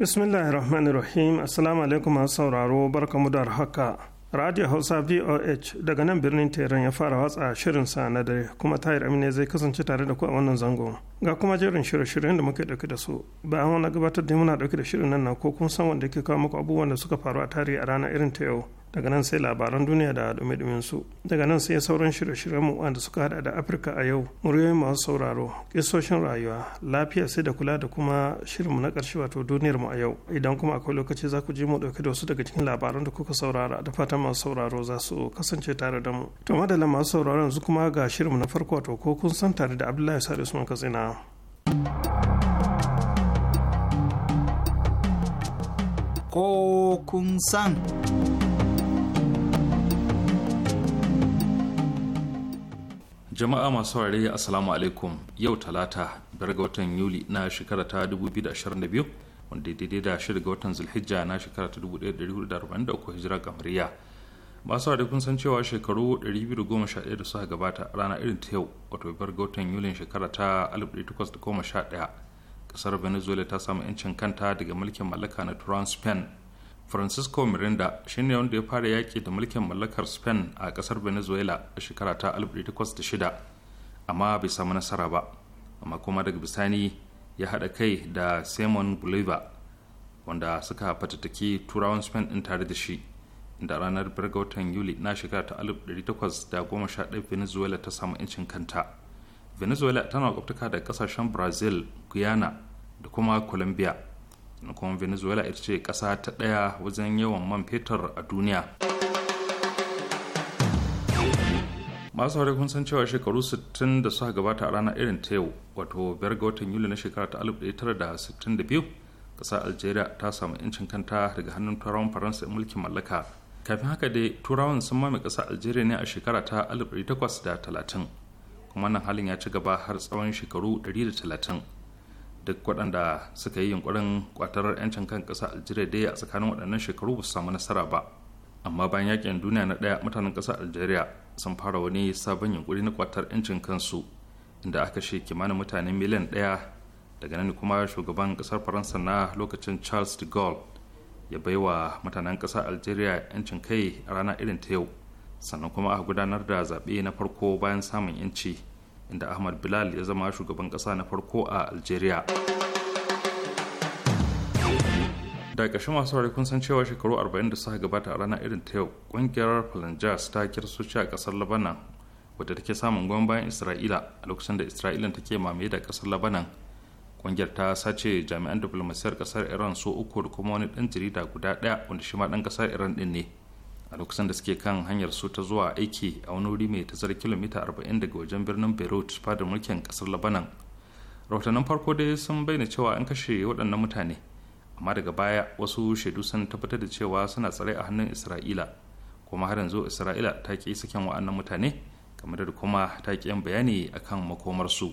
bismillahir rahmanir rahim assalamu alaikum masu sauraro barkamu da haka radio hausa voh daga nan birnin teran ya fara watsa shirin sa na dare kuma tahir amina zai kasance tare da ku a wannan zangon ga kuma jerin shirye-shiryen da muke dauke da su bayan wani gabatar da muna dauke da shirin nan na ko kun san wanda ke kawo muku abubuwan da suka faru a tarihi a ranar irin ta yau daga nan sai labaran duniya da dumi su daga nan sai sauran shirye-shiryenmu wanda suka hada da afirka a yau muryoyin masu sauraro kisoshin rayuwa lafiya sai da kula da kuma shirinmu na karshe wato duniyarmu a yau idan kuma akwai lokaci za ku ji mu dauke da wasu daga cikin labaran da kuka saurara da fatan masu sauraro za su kasance tare da mu to madalla masu sauraro yanzu kuma ga shirinmu na farko wato ko kun san tare da abdullahi sa'ad usman katsina ko kun san jama'a masu ware assalamu alaikum yau talata biyar ga watan yuli na shekara ta 2022 wanda daidai da shida ga watan zulhijja na shekara ta 1443 hijira kamariya masu ware kun san cewa shekaru 211 da suka gabata rana irin ta yau wato biyar ga watan yulin shekara ta 1811 kasar venezuela ta samu 'yancin kanta daga mulkin mallaka na turan spain francisco mirinda shine wanda ya fara yaƙi da mulkin mallakar spain a ƙasar venezuela a shekara ta 1806 amma bai samu nasara ba amma kuma daga bisani ya haɗa kai da simon bolivar wanda suka fatattaki turawan spain ɗin tare da shi da ranar birgautan yuli na shekara ta 1811 venezuela ta samu incin kanta venezuela tana kwaftaka da kasashen brazil guyana da kuma colombia kuma venezuela ita ce ƙasa ta ɗaya wajen yawan man fetur a duniya masu haure kun san cewa shekaru 60 da suka gabata a ranar irin ta yau wato biyar ga watan yuli na shekara ta 1962 ƙasar algeria ta samu 'yancin kanta daga hannun turawan faransa mulkin mallaka kafin haka dai turawan sun mame kasa algeria ne a shekara ta 1830 kuma nan halin ya ci gaba har tsawon shekaru 130 duk waɗanda suka yi yunkurin kwatar 'yancin kan ƙasa algeria dai a tsakanin waɗannan shekaru ba su samu nasara ba amma bayan yakin duniya na ɗaya mutanen ƙasa aljeriya sun fara wani sabon yunkuri na kwatar 'yancin kansu inda aka she kimanin mutane miliyan ɗaya daga nan kuma shugaban ƙasar faransa na lokacin charles de gaulle ya baiwa mutanen ƙasar aljeriya 'yancin kai a rana irin ta yau sannan kuma a gudanar da zaɓe na farko bayan samun 'yanci inda ahmad bilal ya zama shugaban ƙasa na farko a algeria da ƙashin masu saurari kun san cewa shekaru 40 da suka gabata a rana irin ta yau ƙungiyar Falangers ta kirsoci a ƙasar labanan wadda take samun goyon bayan isra'ila a lokacin da isra'ila take mamaye da ƙasar labanan ƙungiyar ta sace jami'an diplomasiyar ƙasar iran su uku da kuma wani ɗan jarida guda ɗaya wanda shi ma ɗan ƙasar iran ɗin ne a lokacin da suke kan hanyar su ta zuwa aiki a wani wuri mai tazar kilomita 40 daga wajen birnin beirut fadar mulkin kasar labanan rahotannin farko dai sun bayyana cewa an kashe waɗannan mutane amma daga baya wasu shaidu sun tabbatar da cewa suna tsare a hannun isra'ila kuma har yanzu isra'ila ta ƙi saken wa'annan mutane kamar da kuma ta ƙi bayani akan makomarsu.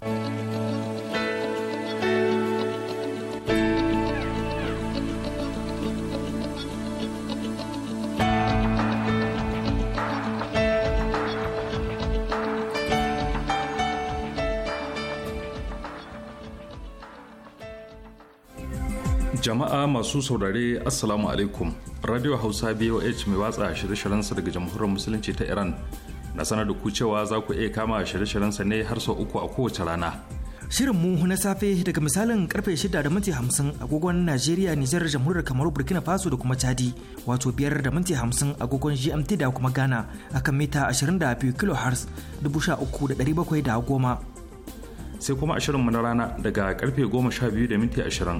jama'a masu saurare assalamu alaikum radio hausa boh mai watsa shirye-shiryensa daga jamhuriyar musulunci ta iran na sanar da ku cewa za ku iya kama shirye-shiryensa ne har sau uku a kowace rana shirin mu na safe daga misalin karfe shida da minti hamsin agogon najeriya nijar jamhuriyar kamaru burkina faso da kuma chadi wato biyar da minti hamsin agogon gmt da kuma ghana akan mita 22 kilohertz goma sai kuma ashirin mu na rana daga karfe goma sha biyu da minti ashirin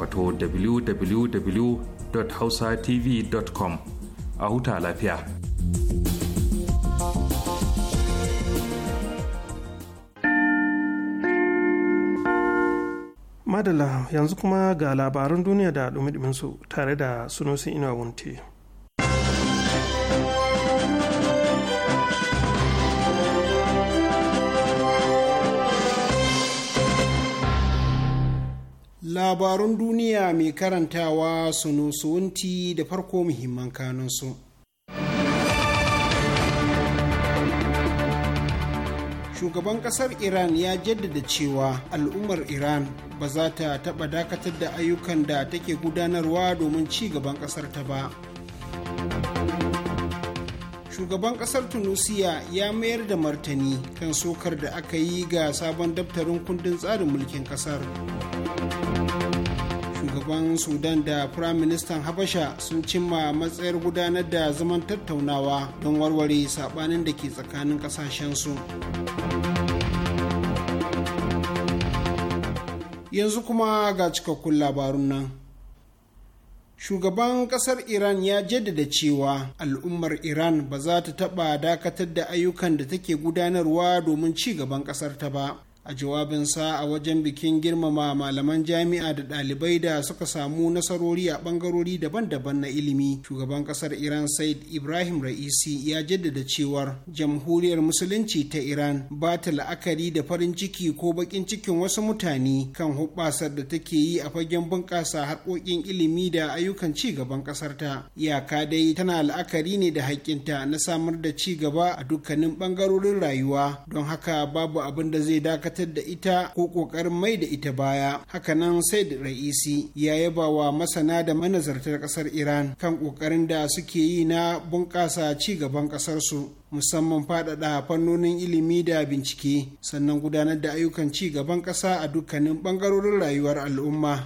wato www.hausatv.com a huta lafiya. Madala yanzu kuma ga labaran duniya da dumi su tare da sunosin ina wunte. labarun duniya mai karantawa sunusuwunti da farko muhimman kanunsu. Shugaban ƙasar Iran ya jaddada cewa al'ummar Iran ba za ta taɓa dakatar da ayyukan da take gudanarwa domin ci gaban ƙasar ta ba. shugaban ƙasar tunisia ya mayar da martani kan sokar da aka yi ga sabon daftarin kundin tsarin mulkin ƙasar. shugaban sudan da firaministan habasha sun cimma matsayar gudanar da zaman tattaunawa don warware sabanin da ke tsakanin su. yanzu kuma ga cikakkun labarun nan shugaban kasar iran ya jaddada cewa al'ummar iran ba za ta taɓa dakatar da ayyukan da take gudanarwa domin ci gaban ƙasar ta ba a jawabinsa a wajen bikin girmama malaman jami'a da ɗalibai da suka samu nasarori a ɓangarori daban-daban na ilimi shugaban ƙasar iran said ibrahim ra'isi ya jaddada cewar jamhuriyar musulunci ta iran ba ta la'akari da farin ciki ko baƙin cikin wasu mutane kan hubbasar da take yi a fagen bunƙasa harkokin ilimi da ayyukan ci gaban ƙasarta iyaka dai tana la'akari ne da haƙƙinta na samar da ci gaba a dukkanin ɓangarorin rayuwa don haka babu abin da zai dakata dakatar da ita ko ƙoƙarin mai da ita baya hakanan sai da ra'isi ya yaba wa masana da manazartar ƙasar iran kan ƙoƙarin da suke yi na bunƙasa ci gaban ƙasarsu musamman faɗaɗa fannonin ilimi da bincike sannan gudanar da ayyukan ci gaban ƙasa a dukkanin ɓangarorin rayuwar al'umma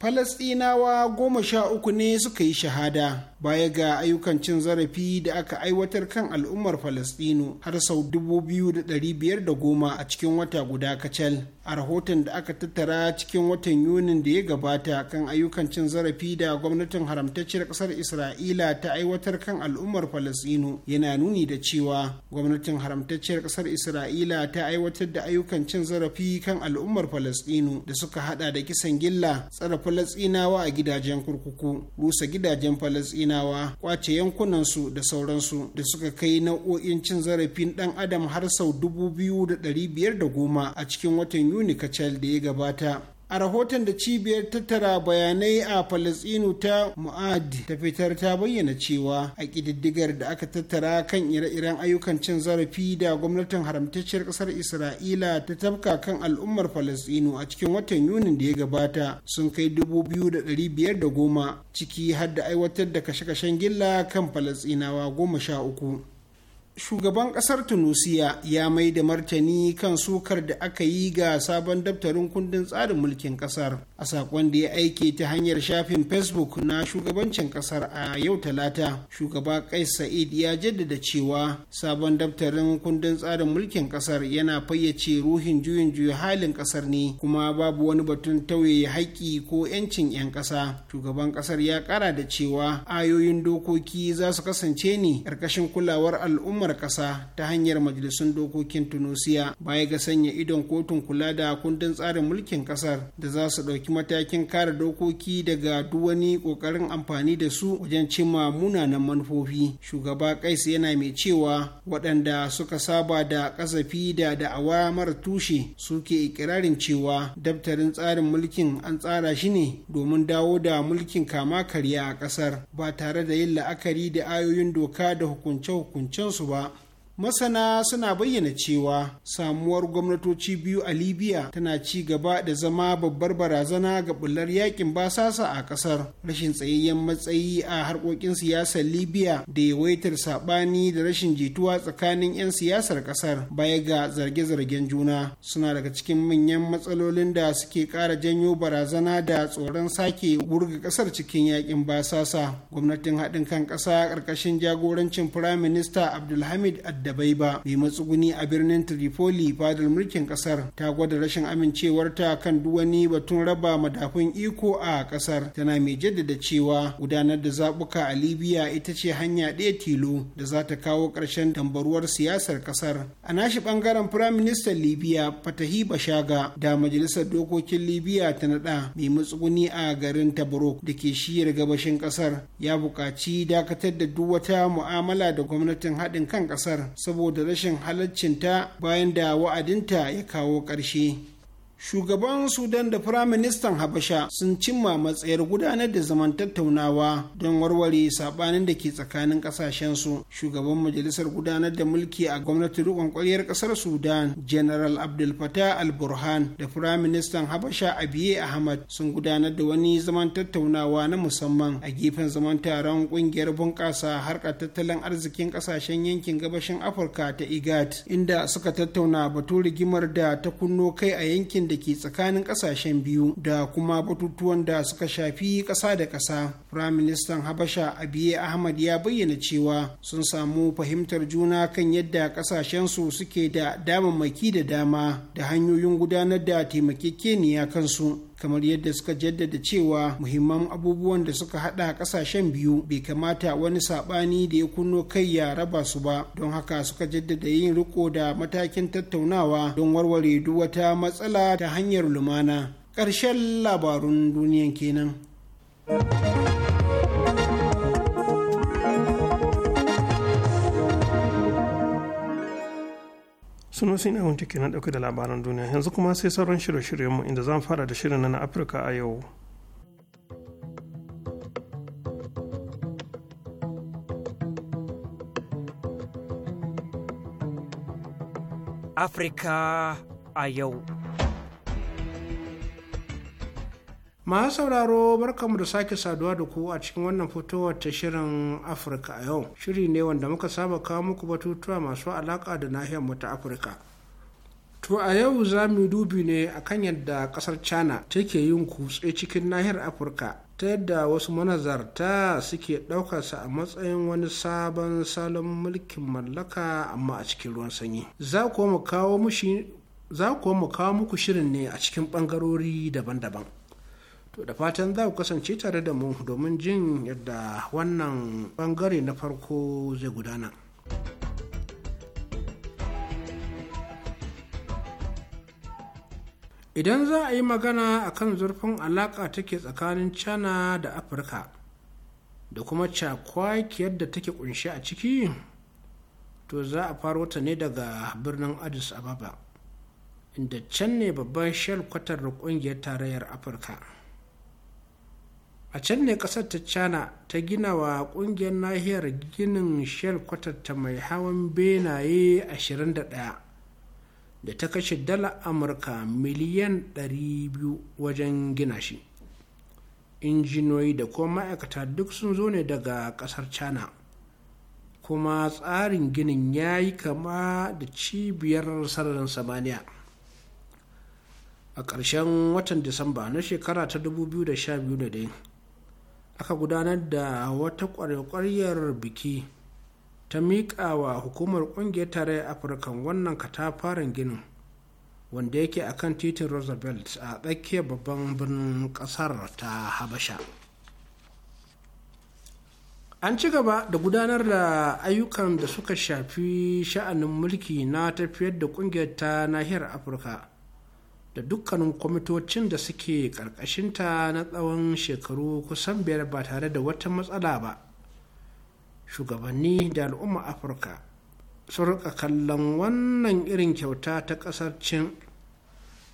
falasɗinawa goma sha uku ne suka yi shahada baya ga ayyukan cin zarafi da aka aiwatar kan al'ummar falastinu har sau dubu biyu da da biyar goma a cikin wata guda kacal a rahoton da aka tattara cikin watan yunin da ya gabata kan ayyukan cin zarafi da gwamnatin haramtacciyar ƙasar isra'ila ta aiwatar kan al'ummar falastinu yana nuni da cewa gwamnatin haramtacciyar ƙasar isra'ila ta aiwatar da ayyukan cin zarafi kan al'ummar falastinu da suka hada da kisan gilla tsare falastinawa a gidajen kurkuku rusa gidajen falastinu Falasɗinawa kwace yankunansu da sauransu da suka kai nau'o'in cin zarafin ɗan adam har sau dubu biyu da ɗari biyar da goma a cikin watan Yuni kacal da ya gabata. a rahoton da cibiyar tattara bayanai a falasinu ta mu'ad ta fitar ta bayyana cewa a ƙididdigar da aka tattara kan ire-iren ayyukan cin zarafi da gwamnatin haramtacciyar ƙasar isra'ila ta tabka kan al'ummar falasinu a cikin watan yunin da ya gabata sun kai dubu biyu da ɗari biyar da goma ciki har da aiwatar da kashe-kashen gilla kan falasinawa goma sha uku shugaban kasar tunisia ya mai da martani kan sukar da aka yi ga sabon daftarin kundin tsarin mulkin kasar a sakon da ya aike ta hanyar shafin facebook na shugabancin kasar a yau talata shugaba kais sa'id ya jaddada cewa sabon daftarin kundin tsarin mulkin kasar yana fayyace ruhin juyin juya halin kasar ne kuma babu wani batun tauye haƙƙi ko 'yancin 'yan ƙasa shugaban kasar ya ƙara da cewa ayoyin dokoki za su kasance ne ƙarƙashin kulawar al'ummar al'ummar ƙasa ta hanyar majalisun dokokin tunisia baya ga sanya idon kotun kula da kundin tsarin mulkin ƙasar da za su ɗauki matakin kare dokoki daga duwani wani ƙoƙarin amfani da su wajen cimma munanan manufofi shugaba kais yana mai cewa waɗanda suka saba da ƙasafi da da'awa mara tushe suke ikirarin cewa daftarin tsarin mulkin an tsara shi ne domin dawo da mulkin kama karya a ƙasar ba tare da yin la'akari da ayoyin doka da hukunce-hukuncensu soit masana suna bayyana cewa samuwar gwamnatoci biyu a libya tana ci gaba da zama babbar barazana ga bullar yakin basasa a kasar rashin tsayayyen matsayi a harkokin siyasar libya da yawaitar sabani da rashin jituwa tsakanin 'yan siyasar kasar baya ga zarge-zargen juna suna daga cikin manyan matsalolin da suke kara janyo barazana da tsoron sake wurga kasar cikin yakin basasa gwamnatin haɗin kan ƙasa ƙarƙashin jagorancin firaminista abdulhamid adda da ba mai matsuguni a birnin tripoli fadar mulkin kasar ta gwada rashin amincewarta kan duwani wani batun raba madafun iko a kasar tana mai jaddada cewa gudanar da zabuka a libya ita ce hanya ɗaya tilo da za ta kawo ƙarshen tambaruwar siyasar kasar a nashi bangaren firaministan libya fatahi bashaga da majalisar dokokin libya ta naɗa mai matsuguni a garin tabarok da ke shiyar gabashin kasar ya buƙaci dakatar da duk wata mu'amala da gwamnatin haɗin kan ƙasar. saboda rashin halaccinta bayan da wa'adinta ya kawo ƙarshe shugaban sudan da firaministan habasha sun cimma matsayar gudanar da zaman tattaunawa don warware sabanin da ke tsakanin kasashensu shugaban majalisar gudanar da mulki a gwamnatin rikon kwaliyar kasar sudan general abdul fatah al burhan da firaministan habasha abiye ahmad sun gudanar da wani zaman tattaunawa na musamman a gefen zaman taron kungiyar bunƙasa harkar tattalin arzikin kasashen yankin gabashin afirka ta igat inda suka tattauna batun rigimar da ta kunno kai a yankin da ke tsakanin ƙasashen biyu da kuma batutuwan da suka shafi ƙasa da ƙasa firaministan habasha abiye ahmad ya bayyana cewa sun samu fahimtar juna kan yadda ƙasashensu suke da damammaki da dama da hanyoyin gudanar da taimakekeniya kansu kamar yadda suka jaddada cewa muhimman abubuwan da suka hada kasashen biyu bai kamata wani sabani da ya kunno kai ya raba su ba don haka suka jaddada yin riko da matakin tattaunawa don warware duk wata matsala ta hanyar lumana ƙarshen labarun duniyan kenan. suno sai na ke kenan dauke da labaran duniya yanzu kuma sai sauran shirye-shiryenmu inda zan fara da shirin na afirka a yau afirka a yau masu sauraro barkamu da sake saduwa da ku a cikin wannan fitowar ta shirin afirka a yau shiri ne wanda muka saba kawo muku batutuwa masu alaka da nahiyar mu ta afirka to a yau za mu dubi ne akan yadda kasar china take yin kutse cikin nahiyar afirka ta yadda wasu manazarta suke ɗaukarsa a matsayin wani sabon salon mulkin mallaka amma a cikin ruwan sanyi za kuwa mu kawo muku shirin ne a cikin ɓangarori daban-daban To da fatan za ku kasance tare da mu domin jin yadda wannan bangare na farko zai gudana. Idan za a yi magana a kan zurfin alaƙa take tsakanin China da Afirka da kuma cakwakiyar da take kunshi a ciki, to za a faro ta ne daga birnin Addis Ababa, inda can ne babban shelkwatar ƙungiyar tarayyar Afirka. a can ne kasar ta china ta gina wa kungiyar nahiyar ginin shell ta mai hawan benaye 21 da ta kashe dala amurka miliyan 200 wajen gina shi injinoyi da kuma ma'aikata duk sun zo ne daga kasar china kuma tsarin ginin ya yi kama da cibiyar sararin samaniya a ƙarshen watan disamba na shekara ta 2012 ne dai aka gudanar da wata kwarkwaryar biki ta miƙa wa hukumar ƙungiyar a afirka wannan katafaren ginin wanda yake a kan titin roosevelt a tsakiyar babban birnin ƙasar ta habasha an ci gaba da gudanar da ayyukan da suka shafi sha'anin mulki na tafiyar da ƙungiyar ta nahiyar afirka da dukkanin kwamitocin da suke ƙarƙashinta na tsawon shekaru kusan biyar ba tare da wata matsala ba shugabanni da al'umma afirka sun rika kallon wannan irin kyauta ta ƙasar cin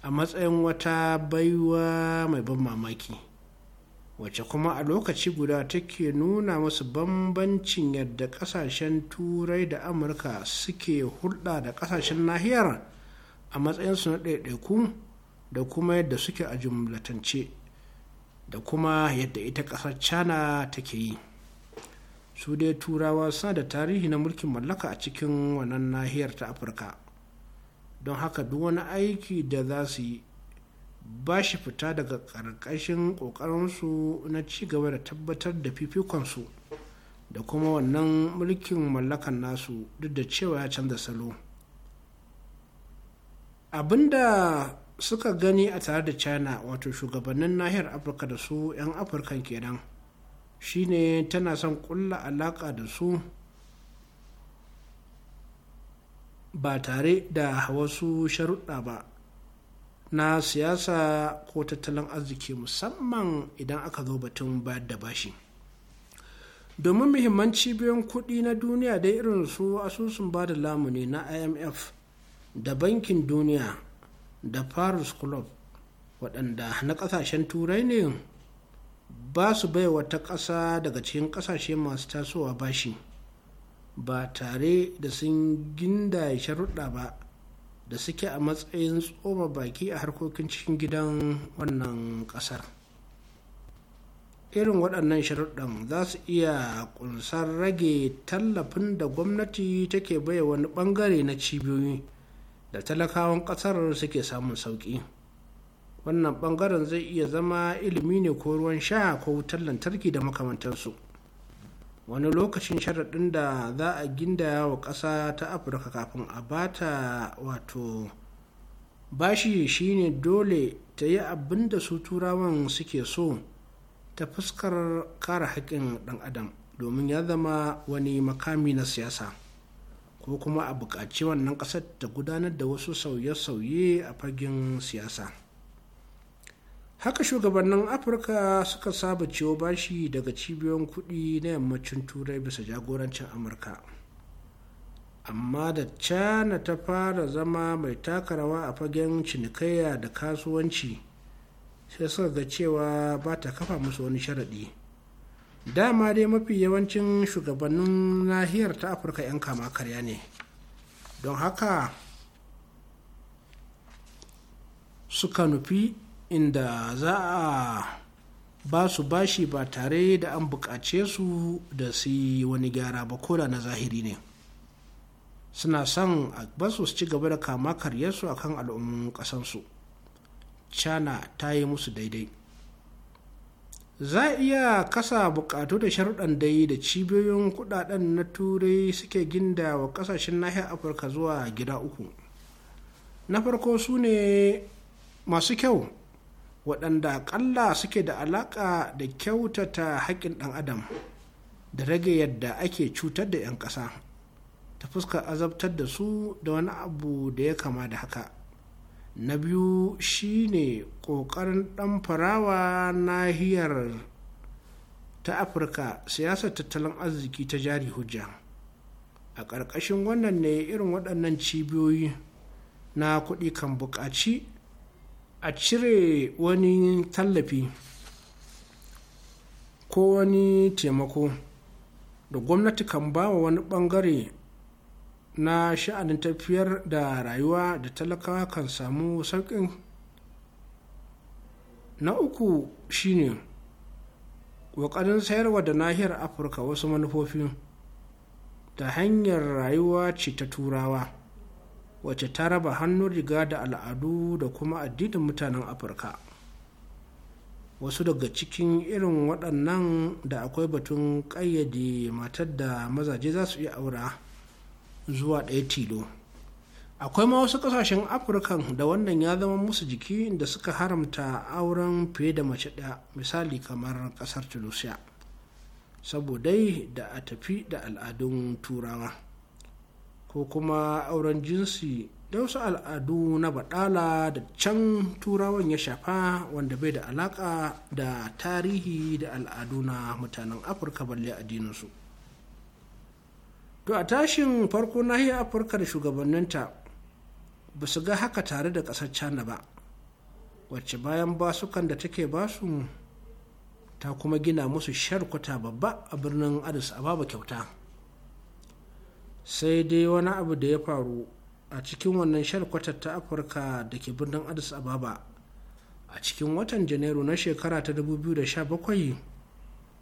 a matsayin wata baiwa mai ban mamaki wacce kuma a lokaci guda take nuna masu bambancin yadda ƙasashen turai da amurka suke hulɗa da ƙasashen nahiyar a matsayinsu na ɗaiɗaiku da kuma yadda suke a jumlatance da kuma yadda ita ƙasar china take yi su dai turawa suna da tarihi na mulkin mallaka a cikin wannan nahiyar ta afirka don haka duk wani aiki da za su yi ba shi fita daga ƙarƙashin ƙoƙarinsu na ci gaba da tabbatar da fifikonsu da kuma wannan mulkin mallakan nasu duk da cewa ya canza salo abinda suka gani a tare da china wato shugabannin nahiyar afirka da su 'yan afirka kenan shine tana son kulla alaka da su ba tare da wasu sharuɗa ba na siyasa ko tattalin arziki musamman idan aka zo batun bayar da bashi domin muhimman biyan kuɗi na duniya da irin su asusun ba da lamuni na imf da bankin duniya da paris club waɗanda na ƙasashen turai ne ba su bai wata ƙasa daga cikin ƙasashe masu tasowa bashi ba tare da sun ginda sharuɗa ba da suke a matsayin tsoma baki a harkokin cikin gidan wannan ƙasar irin waɗannan sharuɗan za su iya ƙunsar rage tallafin da gwamnati take baya wani ɓangare na cibiyoyi da talakawan ƙasar suke samun sauƙi wannan ɓangaren zai iya zama ilimi ne ko ruwan sha ko wutar lantarki da makamantansu wani lokacin sharaɗin da za a ginda wa ƙasa ta afirka kafin a bata wato bashi shine dole ta yi abin da su turawan suke so ta fuskar kare haƙƙin ɗan adam domin ya zama wani makami na siyasa ko kuma a buƙaci wannan ƙasar ta gudanar da wasu sauye-sauye a fagen siyasa haka shugabannin afirka suka saba ciwo bashi daga cibiyoyin kuɗi na yammacin turai bisa jagorancin amurka amma da cana ta fara zama mai taka rawa a fagen cinikayya da kasuwanci sai suka ga cewa ba ta kafa musu wani sharaɗi dama dai mafi yawancin shugabannin nahiyar ta afirka 'yan kama karya ne don haka suka nufi inda za a ba su bashi ba tare da an buƙace su da su yi wani gyara ba ko da na zahiri ne suna son a basu su ci gaba da kama karyarsu akan al'ummin kasansu china ta yi musu daidai za a iya kasa bukatu da sharuɗan dai da cibiyoyin kudaden na turai suke ginda wa kasashen nahiyar afirka zuwa gida uku na farko su ne masu kyau waɗanda ƙalla suke da alaƙa da kyautata haƙƙin ɗan adam da rage yadda ake cutar da 'yan ƙasa ta fuskar azabtar da su da wani abu da ya kama da haka na biyu shine ƙoƙarin farawa nahiyar ta afirka siyasar tattalin arziki ta jari hujja a ƙarƙashin wannan ne irin waɗannan cibiyoyi na kuɗi kan buƙaci a cire wani tallafi ko wani taimako da gwamnati kan ba wa wani ɓangare na sha'anin tafiyar da rayuwa da talakawa kan samu sauƙin na uku shine ƙoƙarin sayarwa da nahiyar afirka wasu manufofi ta hanyar rayuwa ce ta turawa wacce ta raba hannun riga da al'adu da kuma addinin mutanen afirka wasu daga cikin irin waɗannan da akwai batun ƙayyade matar da mazaje za su iya aura zuwa ɗaya tilo akwai ma wasu ƙasashen afirkan da wannan ya zama musu jiki da suka haramta auren fiye da mace ɗaya misali kamar ƙasar tunisia saboda da a tafi da al'adun turawa ko kuma auren jinsi da wasu al'adu na baɗala da can turawan ya shafa wanda bai da alaƙa da tarihi da al'adu na mutanen afirka balle addininsu. su to a tashin farko nahiyar afirka da shugabanninta ba su ga haka tare da ƙasar china ba wacce bayan basukan da take basu ta kuma gina musu sharkuta babba a birnin addis ababa kyauta sai dai wani abu da ya faru a cikin wannan sharkwatar ta afirka da ke birnin addis ababa a cikin watan janairu na shekara ta 2017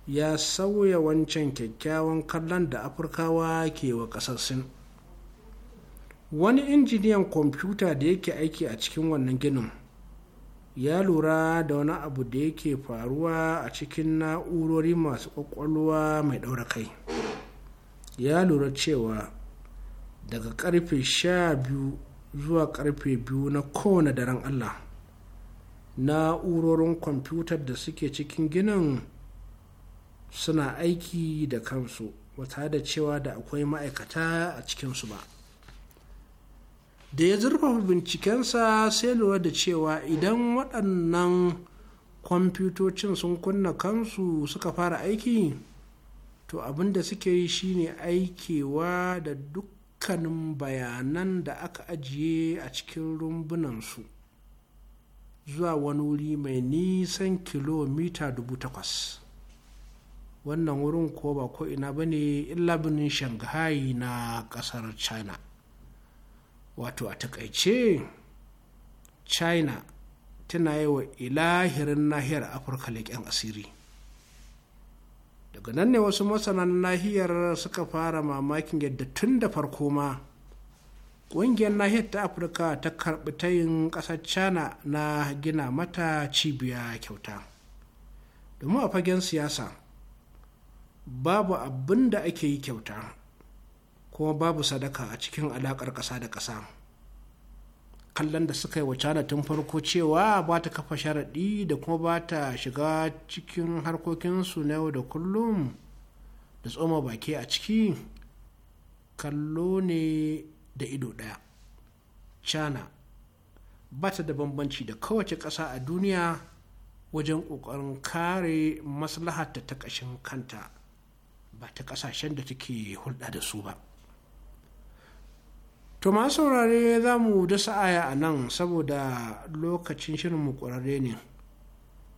ya sauya wancan kyakkyawan kallon da afirkawa ke wa ƙasar sin wani injiniyan kwamfuta da yake aiki a cikin wannan ginin ya lura da wani abu da yake faruwa a cikin na'urori masu ƙwaƙwalwa mai ɗaura kai ya lura cewa daga ƙarfe sha biyu zuwa karfe biyu na kowane daren allah na'urorin kwamfutar da suke cikin ginin suna aiki da kansu ba tare da cewa da akwai ma'aikata a cikinsu ba da ya zurfafa bincikensa sai lura da cewa idan waɗannan kwamfutocin sun kunna kansu suka fara aiki to abin da suke yi shine aikewa da dukkanin bayanan da aka ajiye a cikin rumbunansu zuwa wani wuri mai nisan kilomita dubu takwas wannan wurin ko ba ko ina ba ne illa shanghai na kasar china wato a takaice china tana yi wa ilahirin nahiyar afirka leƙen asiri daga nan ne wasu masanan nahiyar suka fara mamakin yadda tun da farko ma ƙungiyar nahiyar ta afirka ta karɓi tayin ƙasar china na gina mata cibiya kyauta domin a fagen siyasa babu abin da ake yi kyauta kuma babu sadaka a cikin alaƙar ƙasa da ƙasa kallon da suka yi wa cana tun farko cewa ba ta kafa sharaɗi da kuma ba ta shiga cikin harkokinsu na yau da kullum da tsoma baki a ciki kallo ne da ido ɗaya cana ba ta da bambanci da kowace ƙasa a duniya wajen ƙoƙarin kare maslahata ta ƙashin kanta ba ta kasashen da take hulɗa da su ba to ma saurare za mu dasa aya a nan saboda lokacin shirin mu ƙwararre ne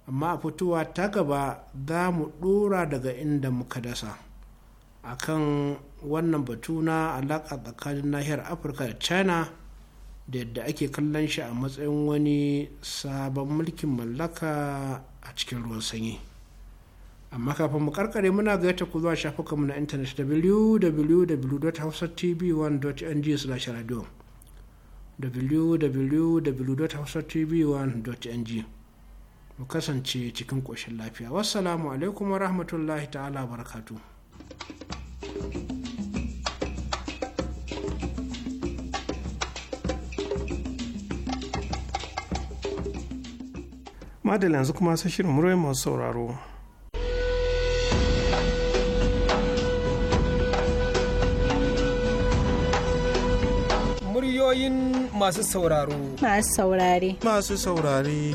amma a fitowa ta gaba za mu ɗora daga inda muka dasa a kan wannan batu na alaƙa tsakanin nahiyar afirka da china da yadda ake kallon shi a matsayin wani sabon mulkin mallaka a cikin ruwan sanyi. amma kafin mu karkare muna gayyata ku zuwa shafukanmu na intanet www.hausatv1.ng/radio www.hausatv1.ng mu kasance cikin koshin lafiya wassalamu alaikum wa rahmatullahi ta'ala barakatu. madalla yanzu kuma sai shirin masu sauraro Muryoyin masu sauraro. Masu saurare. Masu saurare.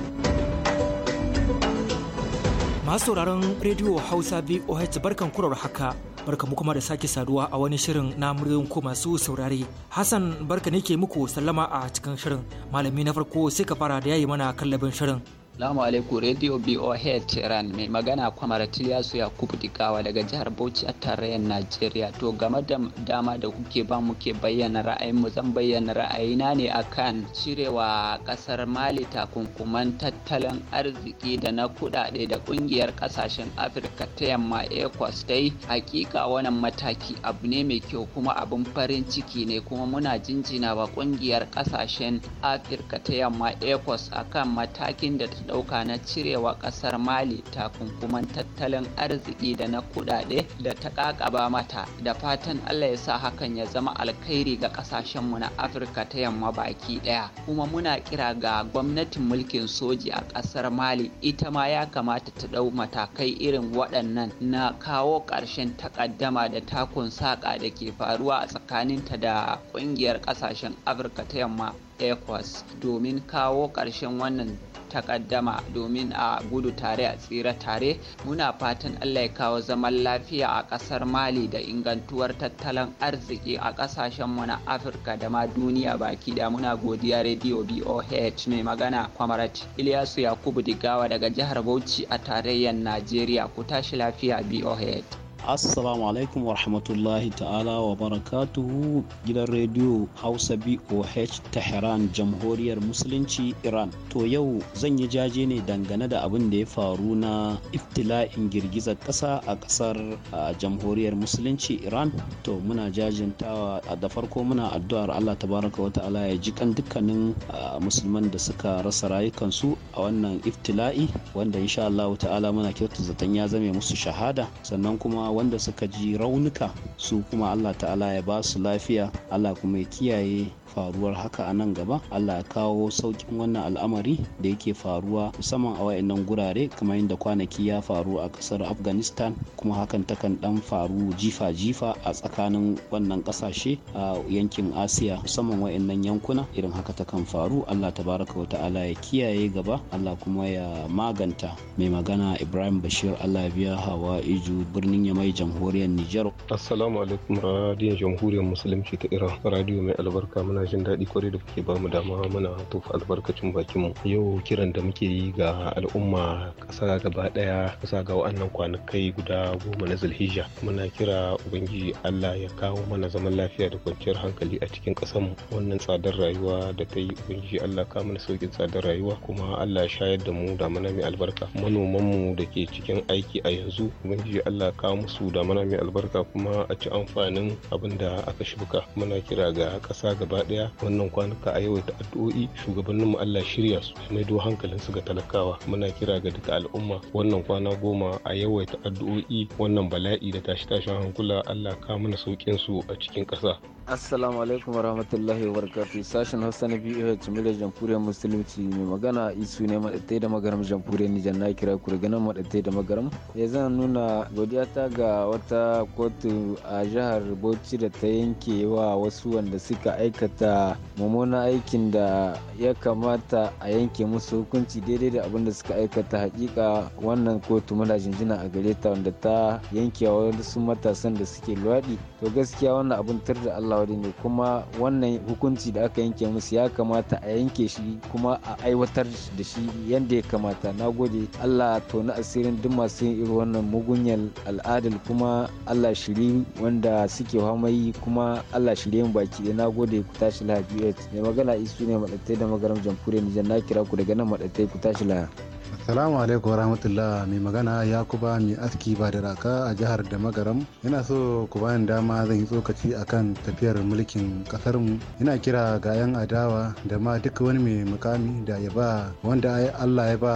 Masu sauraron rediyo Hausa BOH barkan kurar haka. Barka mu kuma da sake saduwa a wani shirin na muryoyin ko masu saurare. Hassan barka ne ke muku sallama a cikin shirin. Malami na farko sai ka fara da yayi mana kallabin shirin. Salamu alaikum Radio BOH Tehran mai magana kwamar Tiliyasu kubu Dikawa daga jihar Bauchi a tarayyar Najeriya. To game da dama da kuke ba muke bayyana ra'ayin mu zan bayyana ra'ayina ne akan cirewa kasar Mali takunkuman tattalin arziki da na kudade da kungiyar kasashen Afirka ta yamma ECOWAS dai hakika wannan mataki abu ne mai kyau kuma abun farin ciki ne kuma muna jinjina wa kungiyar kasashen Afirka ta yamma ECOWAS akan matakin da ɗauka na cirewa ƙasar mali takunkuman tattalin arziki da na kuɗaɗe da ta ƙaƙaba mata da fatan allah ya sa hakan ya zama alkhairi ga ƙasashenmu na afirka ta yamma baki ɗaya kuma muna kira ga gwamnatin mulkin soji a ƙasar mali ita ma ya kamata ta ɗau matakai irin waɗannan na kawo ƙarshen takaddama da takun saƙa da ke faruwa a tsakaninta da ƙungiyar ƙasashen afirka ta yamma ecos domin kawo ƙarshen wannan takaddama domin a gudu tare a tsira tare muna fatan allah ya kawo zaman lafiya a ƙasar mali da ingantuwar tattalin arziki a mu na afirka da ma duniya baki da muna godiya rediyo boh mai magana kwamarat iliyasu yakubu digawa daga jihar bauchi a tarayyar najeriya ku tashi lafiya boh Assalamu alaikum wa rahmatullahi ta'ala wa barakatuhu gidan rediyo Hausa BOH Tehran Jamhuriyar Musulunci Iran. To yau zan yi jaje ne dangane da abin da ya faru na iftila'in girgizar kasa a ƙasar Jamhuriyar Musulunci Iran. To muna jajintawa da farko muna addu'ar Allah tabaraka wa ta'ala ya jikan kan dukkanin musulman da suka rasa rayukansu a wannan iftila'i wanda insha ta'ala muna kyautata zaton ya zame musu shahada sannan kuma wanda suka ji raunuka su kuma Allah ta'ala ya ba su lafiya Allah kuma ya kiyaye faruwar haka a nan gaba allah ya kawo saukin wannan al'amari da yake faruwa musamman a wayannan gurare kamar yadda kwanaki ya faru a kasar afghanistan kuma hakan takan dan faru jifa-jifa a tsakanin wannan kasashe a yankin asiya musamman wayannan yankuna irin haka takan faru allah ta baraka wa ta'ala ya kiyaye gaba allah kuma ya maganta mai magana ibrahim bashir allah biya hawa iju birnin yamai jamhuriyar nijar assalamu alaikum radiyon jamhuriyar musulunci ta iran radiyo mai albarka muna muna jin daɗi kwarai da kuke bamu dama muna tofa albarkacin bakinmu yau kiran da muke yi ga al'umma ƙasa gaba ɗaya kusa ga wa'annan kwanakai guda goma na zulhijja muna kira ubangiji allah ya kawo mana zaman lafiya da kwanciyar hankali a cikin ƙasarmu wannan tsadar rayuwa da ta yi ubangiji allah ka mana sauƙin tsadar rayuwa kuma allah shayar da mu da mana mai albarka manomanmu da ke cikin aiki a yanzu ubangiji allah kawo musu da mana mai albarka kuma a ci amfanin abin da aka shuka muna kira ga ƙasa gaba daya wannan kwanuka a yawaita addu'o'i shugabannin mu Allah shirya su do hankalin su ga talakawa muna kira ga duka al'umma wannan kwana goma a yawaita addu'o'i wannan bala'i da tashi tashin hankula Allah ka mana saukin su a cikin ƙasa assalamu alaikum warahmatullahi wabarakatuh sashen hausa na biyu cimiliyar jamhuriyar musulunci mai magana isu ne maɗatai da magaram jamhuriyar nijar na kira ku daga nan da magaram ya eh, zan nuna godiya ta ga wata kotu a jihar bauchi da ta yanke wa wasu wanda suka aikata mummunan aikin da ya kamata a yanke musu hukunci daidai da abin da suka aikata hakika wannan kotu muna jinjina a gareta ta wanda ta yanke wa wasu matasan da suke luwaɗi to gaskiya wannan abin tar da allah aure ne kuma wannan hukunci da aka yanke musu ya kamata a yanke shi kuma a aiwatar da shi yadda ya kamata na gode allah tona asirin duk masu yin irin wannan mugunyar al'adar kuma allah shiri wanda suke hamayi kuma allah shiri mu baki na gode ku tashi lahadi mai magana isu ne maɗatai da magaram jamhuriyar nijar na kira ku daga nan maɗatai ku tashi lahadi Salamu alaikum rahmatullah mai magana ya Yakuba mai aski ba da raka a jihar da magaram. Ina so ku bani dama zan yi tsokaci a kan tafiyar mulkin kasar mu. Ina kira ga 'yan adawa da ma duk wani mai mukami da ya ba wanda Allah ya ba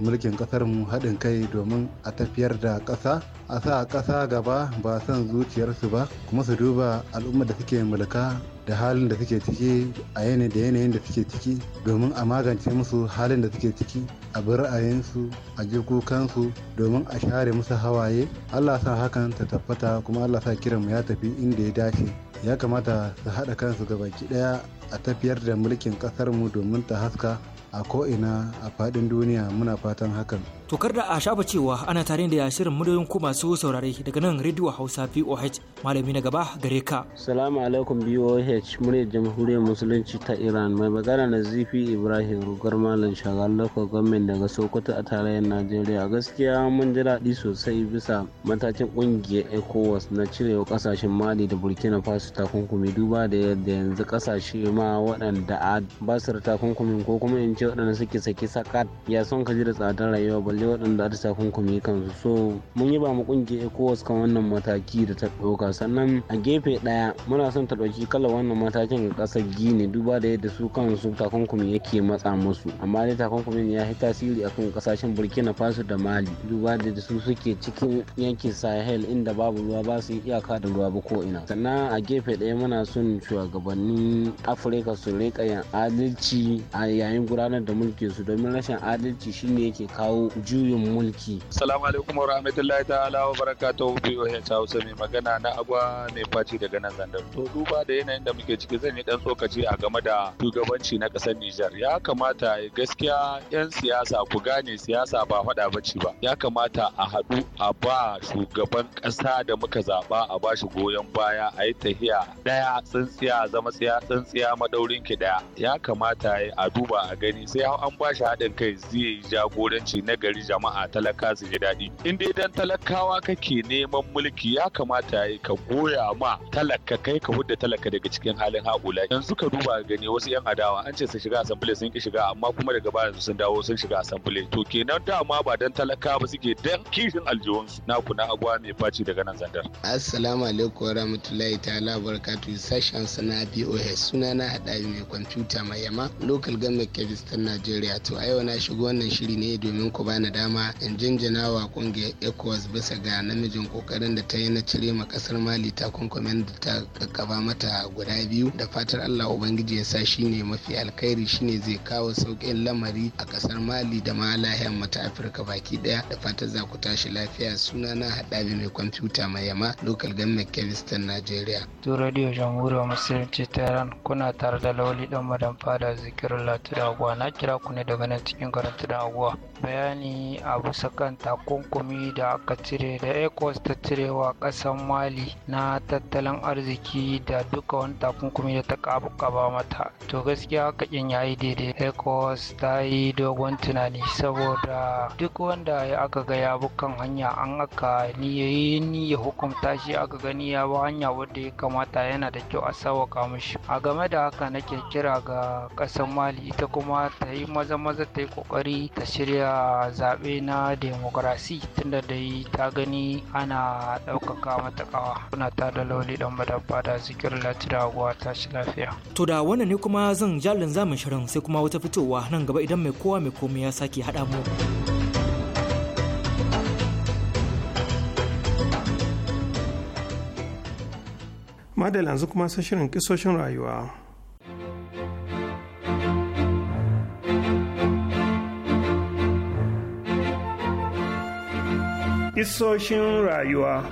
mulkin kasar haɗin kai domin a tafiyar da ƙasa a sa ƙasa gaba ba son zuciyarsu ba kuma su duba al'ummar da suke mulka da halin da suke ciki a yanayin da yanayin da suke ciki domin a magance musu halin da suke ciki a bi ra'ayinsu a ji kukansu domin a share musu hawaye allah sa hakan ta tabbata kuma allah sa kiran mu ya tafi inda ya dace ya kamata su haɗa kansu gabaki ɗaya a tafiyar da mulkin ƙasarmu domin ta haska a ko'ina a faɗin duniya muna fatan hakan To da a shafa cewa ana tare da shirin muryoyin ku masu saurare daga nan rediyo Hausa VOH malami na gaba gare ka. Salamu alaikum VOH muryar jamhuriyar musulunci ta Iran mai magana na Zifi Ibrahim Rugar Malam Shagal Local Gwamnan daga Sokoto a tarayyar Najeriya. Gaskiya mun ji daɗi sosai bisa matakin ƙungiyar ECOWAS na cirewa ƙasashen Mali da Burkina Faso takunkumi duba da yadda yanzu ƙasashe ma waɗanda ba su takunkumin ko kuma in ce waɗanda suke saki sakat ya son ka ji da tsadar rayuwa balle waɗanda ta kunkumi kansu so mun yi ba mu ko ecowas kan wannan mataki da ta ɗauka sannan a gefe ɗaya muna son ta ɗauki kalar wannan matakin ga ƙasar gini duba da yadda su kansu takunkumi yake matsa musu amma dai takunkumin ya yi tasiri akan ƙasashen burkina faso da mali duba da yadda su suke cikin yankin sahel inda babu ruwa ba su yi iyaka da ruwa ba ko ina sannan a gefe ɗaya muna son shugabannin afirka su rika yin adalci a yayin gudanar da mulkin su domin rashin adalci shine yake kawo juyin mulki. Salamu alaikum wa rahmatullahi ta'ala wa baraka barakatuhu BOH Hausa mai magana na agwa mai faci daga nan zandar. To duba da yanayin da muke ciki zan yi dan tsokaci a game da shugabanci na kasar Nijar. Ya kamata gaskiya 'yan siyasa ku gane siyasa ba faɗa bace ba. Ya kamata a haɗu a ba shugaban ƙasa da muka zaɓa a ba shi goyon baya a yi tahiya ɗaya tsintsiya zama tsiya tsintsiya madaurin ki ɗaya. Ya kamata a duba a gani sai an ba shi haɗin kai zai yi jagoranci na gari bari jama'a talaka su ji daɗi in dai dan talakawa kake neman mulki ya kamata ka goya ma talaka kai ka hudda talaka daga cikin halin haƙula yanzu ka duba gani wasu yan adawa an ce su shiga asambile sun ki shiga amma kuma daga baya sun dawo sun shiga asambile to kenan dama ba dan talaka ba suke dan kishin aljihunsu na kuna agwa mai faci daga nan zandar assalamu alaikum warahmatullahi ta'ala barakatuhu sashen sana BOS na haɗari mai kwamfuta mai yama local government kebis ta Najeriya to a yau na shigo wannan shiri ne domin ku bani bani dama in jinjina wa kungiyar ecowas bisa ga namijin kokarin da ta yi na cire ma kasar mali ta takunkumin da ta kakkaba mata guda biyu da fatar allah ubangiji ya sa ne mafi alkhairi shine zai kawo sauƙin lamari a kasar mali da ma lahiyar mata afirka baki daya da fatar za ku tashi lafiya suna na haɗabi mai kwamfuta mai yama local government kevistan nigeria to radio jamhuriyar musulunci tehran kuna tare da lauli dan madan fada zikirin latin da aguwa na kira ku ne daga nan cikin garin da aguwa bayani a bisa kan takunkumi da aka cire da ecos ta cire wa kasan mali na tattalin arziki da duka wani takunkumi da ta kaba mata to gaskiya haka kin yayi daidai ecos ta yi dogon tunani saboda duk wanda ya aka ga ya kan hanya an aka niyayi ni ya hukunta shi aka gani ya bi hanya wadda ya kamata yana da kyau a sawaka mishi a game da haka nake kira ga ƙasar mali ita kuma ta yi maza maza ta yi ƙoƙari ta shirya zaɓe na demokrasi tunda dai ta gani ana ɗaukaka matakawa suna ta da lauli don madabba da zikir latira ta shi lafiya. to da wannan ne kuma zan jalin zamin shirin sai kuma wata fitowa nan gaba idan mai kowa mai komai ya sake haɗa mu. madalla yanzu kuma sashirin kisoshin rayuwa Isoshin rayuwa.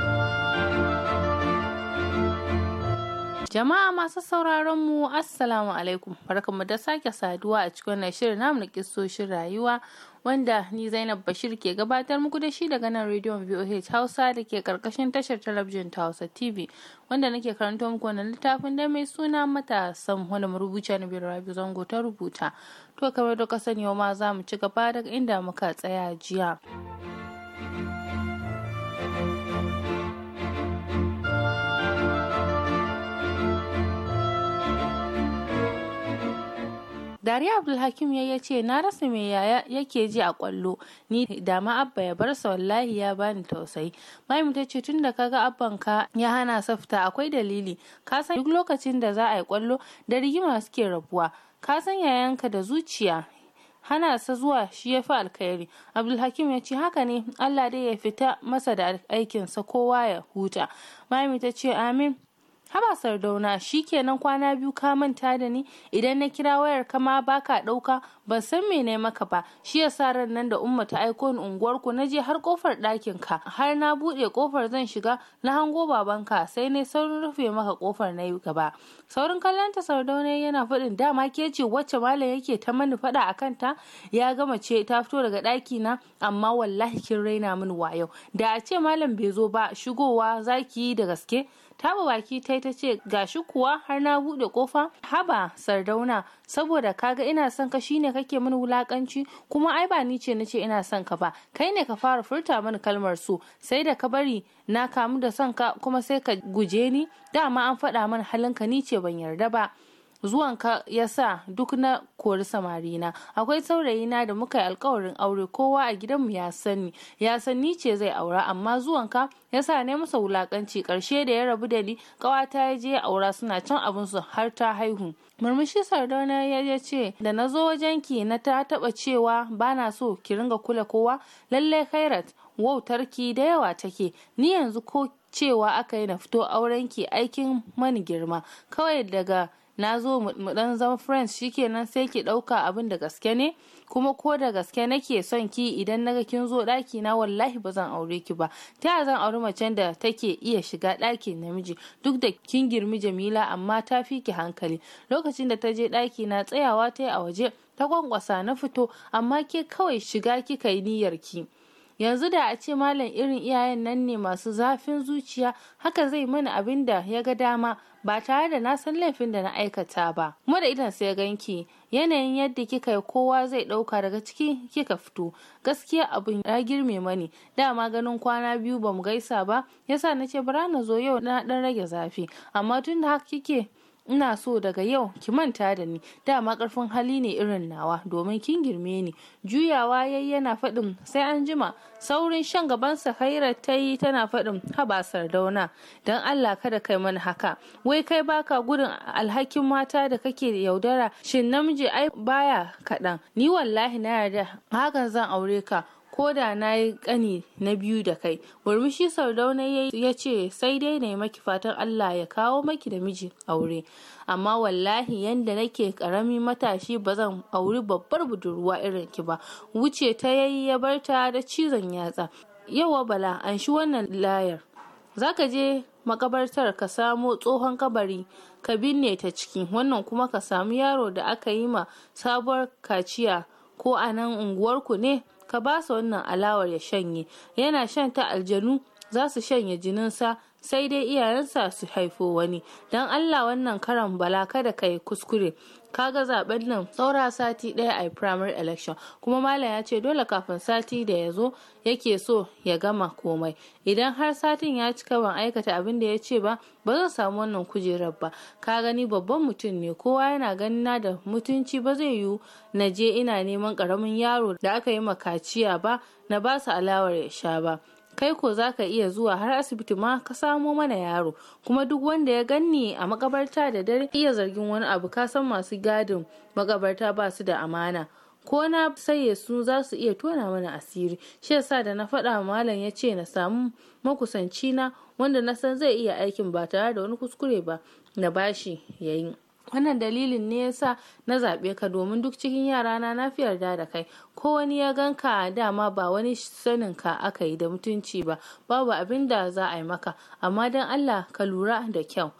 Jama'a masu sauraron mu Assalamu alaikum barkamu da sake saduwa a cikin wannan shirin namu na kissoshin rayuwa wanda ni Zainab Bashir ke gabatar muku da shi daga nan rediyon VOH Hausa da ke karkashin tashar talabijin ta Hausa TV wanda nake karanto muku wannan littafin da mai suna matasan wani marubuciya na Bira Rabi Zango ta rubuta. To kamar da ka ma za mu ci gaba daga inda muka tsaya jiya. dariya abdulhakim ya ce na rasa mai yaya yake ji a kwallo ni da ma abba ya bar sa wallahi ya bani tausayi Maimu ta ce tun da kaga abban ka ya hana safta akwai dalili ka san duk lokacin da za a yi kwallo da rigima suke rabuwa ka san yayanka da zuciya hana sa zuwa shi ya fi alkhairi abdulhakim ya ce haka ne allah dai ya fita masa da aikinsa kowa ya huta mami ta ce amin haba sardauna shi kenan kwana biyu ka manta da ni idan na kira wayar kama baka ɗauka ban san me ne maka ba shi ya sa ran nan da umma ta aiko ni unguwar ku je har kofar ɗakin ka har na buɗe kofar zan shiga na hango babanka sai ne saurin rufe maka kofar na yi gaba saurin kallon ta sardauna yana faɗin dama ke ce wacce malam yake ta mani faɗa a kanta ya gama ce ta fito daga ɗaki na amma wallahi kin raina mini wayo da a ce malam bai zo ba shigowa zaki da gaske taba baki ta ta ce gashi kuwa har na bude kofa haba sardauna saboda kaga ina son ka shine kake mini wulakanci kuma ai ba ni ce nace ina son ka ba kai ne ka fara furta mini kalmar su sai da ka bari na kamu da son ka kuma sai ka guje ni dama an faɗa min halinka ni ce ban yarda ba zuwanka ya sa duk na kori samari na akwai saurayi na da muka yi alkawarin aure kowa a gidanmu ya sani ya sani ce zai aura amma zuwanka ya sa ne masa wulakanci karshe da ya rabu da ni kawata ya je aura suna can su har ta haihu murmushi sardauna ya ce da na zo wajen ki na ta taba cewa ba na so ki ringa kula kowa lallai khairat wautarki da yawa take ni yanzu ko cewa aka yi na fito aurenki aikin mani girma kawai daga na zo mu dan zama friends shikenan sai ki dauka abin da gaske ne kuma ko da gaske nake son ki idan naga kin zo daki na wallahi ba zan aure ki ba ta ya zan auri macen da take iya shiga daki namiji duk da kin girmi Jamila amma ta fi ki hankali lokacin da ta je daki na tsayawa ta yi a waje ta kwankwasa na fito amma ke kawai shiga kika yi niyyar ki yanzu da a ce malam irin iyayen nan ne masu zafin zuciya haka zai mana abin da ya ga dama ba tare da na san laifin da na aikata ba kuma da idan sai ganki yanayin yadda kika yi kowa zai dauka daga ciki kika fito gaskiya abin ya girme mani dama ganin kwana biyu bamu gaisa ba yasa nace bara na zo yau na dan rage zafi amma tun da haka kike ina so daga yau ki manta da ni dama karfin hali ne irin nawa domin kin girme ni juyawa yayi yana faɗin sai an jima saurin shan gaban sa haira ta yi tana faɗin haba sardauna don allah kada kai mana haka wai kai baka gudun alhakin mata da kake yaudara shin namiji ai baya kaɗan ni wallahi na yarda hakan zan aure ka ko da na yi kani na biyu da kai murmushi sardauna ya ce sai dai na maki fatan allah ya kawo maki da miji aure amma wallahi yanda nake karami matashi ba zan auri babbar budurwa irin ki ba wuce ta yayi ya bar ta da cizon yatsa yawa bala an shi wannan layar zaka je makabartar ka samo tsohon kabari ka binne ta ciki wannan kuma ka samu yaro da aka yi ma sabuwar kaciya ko a nan unguwarku ne ka ba su wannan alawar ya shanye yana shan ta aljanu za su shanye jininsa sai dai iyayensa su haifo wani don allah wannan karan bala kada ka yi kuskure kaga zaben nan saura sati daya a primary election kuma malam ya ce dole kafin sati da ya zo yake so ya gama komai idan har satin ya cika ban aikata abin da ya ce ba ba zan samu wannan kujerar ba ka gani babban mutum ne kowa yana ganin na da mutunci ba zai yiwu na je ina neman karamin yaro da aka yi makaciya ba na ba su alawar ya sha ba kai ko za ka iya zuwa har asibiti ma ka samo mana yaro kuma duk wanda ya ganni a makabarta da dare iya zargin wani abu ka san masu gadin makabarta ba su da amana ko na saye su za su iya tona mana asiri shi yasa da na faɗa malam ya ce na samu makusanci na wanda na san zai iya aikin ba tare da wani kuskure ba na bashi yayin wannan dalilin ne yasa na zaɓe ka domin duk cikin yarana na fi yarda da kai ko wani ya gan ka dama ba wani sanin ka aka yi da mutunci ba babu abin da za a yi maka amma don allah ka lura da kyau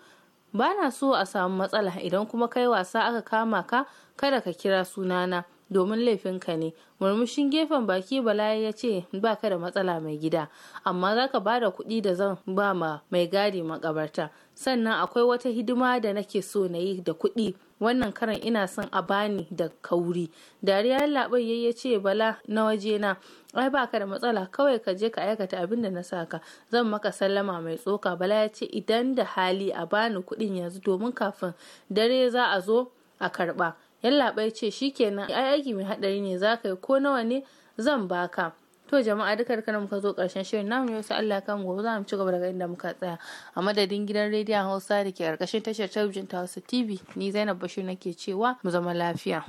ba na so a samu matsala idan kuma kai wasa aka kama ka kada ka kira sunana domin laifin ka ne murmushin gefen baki bala ya ce ba ka da matsala mai gida amma za ka ba da kuɗi da zan ba ma mai gadi makabarta sannan akwai wata hidima da nake so na yi da kuɗi wannan karan ina son a bani da kauri dariya labai ya ce bala na waje na ai baka da matsala kawai ka je ka aikata abin da na saka zan maka sallama mai tsoka bala ya ce idan da hali a bani kuɗin yanzu domin kafin dare za a zo a karɓa yallaɓai ce shikenan ai aiki mai haɗari ne za ka yi ko nawa ne zan baka to jama'a duka duka muka zo karshen shirin namu yau sai Allah ya mu gobe za mu ci gaba daga inda muka tsaya a madadin gidan rediyon Hausa da ke karkashin tashar talabijin ta Hausa TV ni Zainab Bashir nake cewa mu zama lafiya.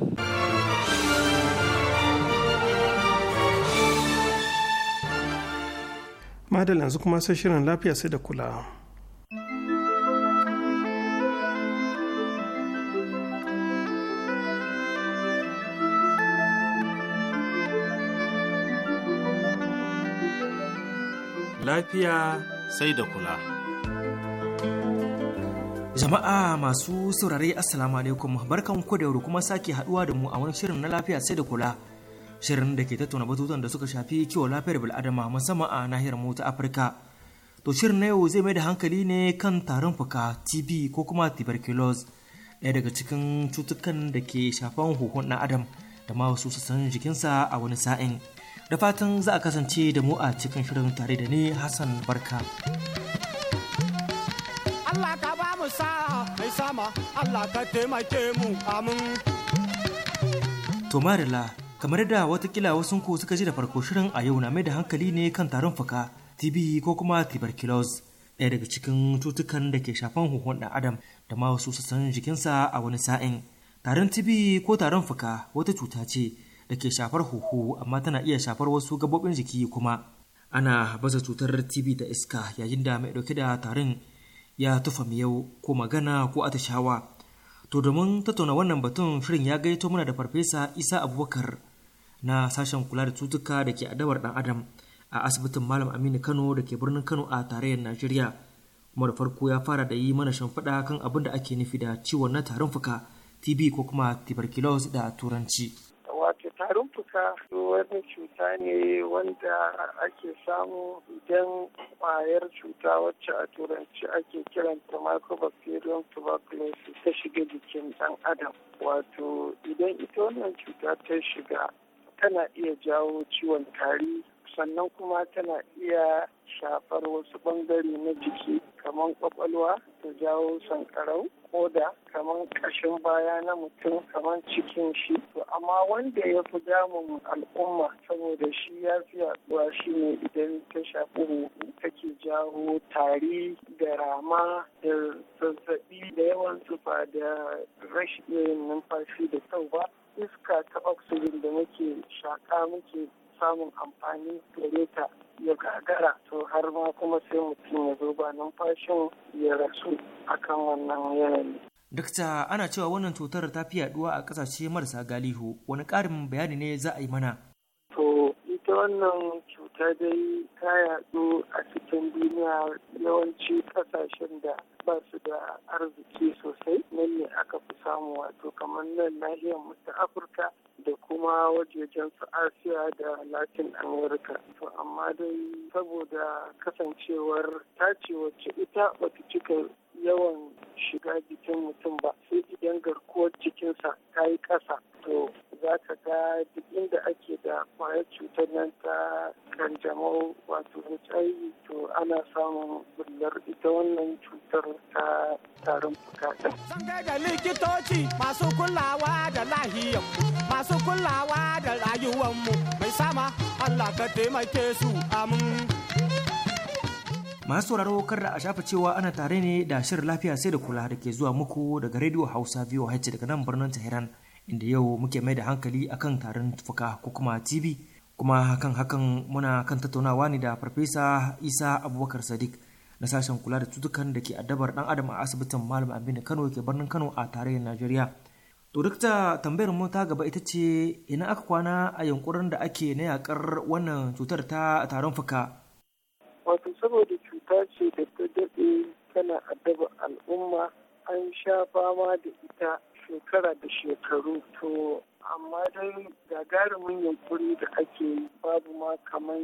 Madalla yanzu kuma sai shirin lafiya sai da kula lafiya sai da kula. Jama'a masu saurare Assalamu alaikum barkan ku da kuma sake haduwa da mu a wani shirin na lafiya sai da kula. Shirin da ke tattauna batutan da suka shafi kiwon lafiyar bil'adama musamman a nahiyar mu ta Afirka. To shirin na yau zai mai da hankali ne kan tarin fuka TB ko kuma tuberculosis ɗaya daga cikin cutukan da ke shafan huhun ɗan adam da ma wasu sassan jikinsa a wani sa'in. da fatan za a kasance da mu a cikin shirin tare da ni Hassan Barka. Allah ka ba mu sa'a mai sama Allah ka taimake mu amin. To kamar da watakila wasu ku suka ji da farko shirin a yau na mai da hankali ne kan tarin fuka, TB ko kuma tuberculosis. ɗaya daga cikin cutukan da ke shafan huhun ɗan adam da ma wasu sassan jikinsa a wani sa'in. Tarin TB ko tarin fuka wata cuta ce da ke shafar huhu amma tana iya shafar wasu gabobin jiki kuma ana baza cutar TV da iska yayin da mai dauke da tarin ya tufa miyau ko magana ko atishawa to domin tattauna wannan batun shirin ya gaito mana da farfesa isa abubakar na sashen kula da cutuka da ke adawar dan adam a asibitin malam aminu kano da ke birnin kano a tarayyar najeriya kuma da farko ya fara da yi mana shimfiɗa kan abin da ake nufi da ciwon na tarin fuka TV ko kuma tuberculosis da turanci tarin fuka wani cuta ne wanda ake samu idan kwayar cuta wacce a turanci ake kiranta microbacterium tuberculosis ta shiga jikin dan adam wato idan ita wannan cuta ta shiga tana iya jawo ciwon tari sannan kuma tana iya shafar wasu bangare na jiki kamar kwakwalwa ta jawo sankarau koda kamar kashin baya na mutum kamar cikin shi to amma wanda ya fi damun al'umma saboda shi ya fi yaduwa shi ne idan ta shafi huhu take jawo tari da rama da zazzabi da yawan zufa da rashin numfashi da kyau ba iska ta oxygen da muke shaka muke samun amfani gare ta ya gagara to har ma kuma sai mutum ya zo ba numfashin ya rasu akan wannan yanayi. Dokta ana cewa wannan cutar ta fi yaduwa a kasashe marasa galihu wani ƙarin bayani ne za a yi mana. To ita wannan cutar ta dai ta yadu a cikin duniya yawanci kasashen da ba su da arziki sosai nan ne aka fi samu wato kamar nan nahiyar mu ta afirka da kuma wajejen su asiya da latin america to amma dai saboda kasancewar tace wacce ita baki cika yawan shiga jikin mutum ba sai idan garkuwar cikinsa ta yi ƙasa to za ka ga duk inda ake da kwayar cutar nan ta kanjamau wato hiv to ana samun bullar ita wannan cutar ta tarin fuka Zan likitoci masu kulawa da lahiyar masu kulawa da rayuwanmu mai sama Allah ka taimake su amin. masu sauraro kar da a shafa cewa ana tare ne da shirin lafiya sai da kula da ke zuwa muku daga rediyo hausa biyu voh daga nan birnin tehran inda yau muke mai da hankali akan taron fuka ko kuma TV kuma kan hakan muna kan tattaunawa ne da Farfesa Isa Abubakar Sadiq na sashen kula da cutukan da ke addabar dan adam a asibitin Malam Aminu Kano ke birnin Kano a tarayyar Najeriya. To duk tambayar mu ta gaba ita ce ina aka kwana a yankurin da ake na yakar wannan cutar ta tarin fuka. Wato saboda cuta ce da ta daɗe tana addaba al'umma an sha fama da ita shekara da shekaru to amma dai gagarumin yunkuri da ake babu ma kamar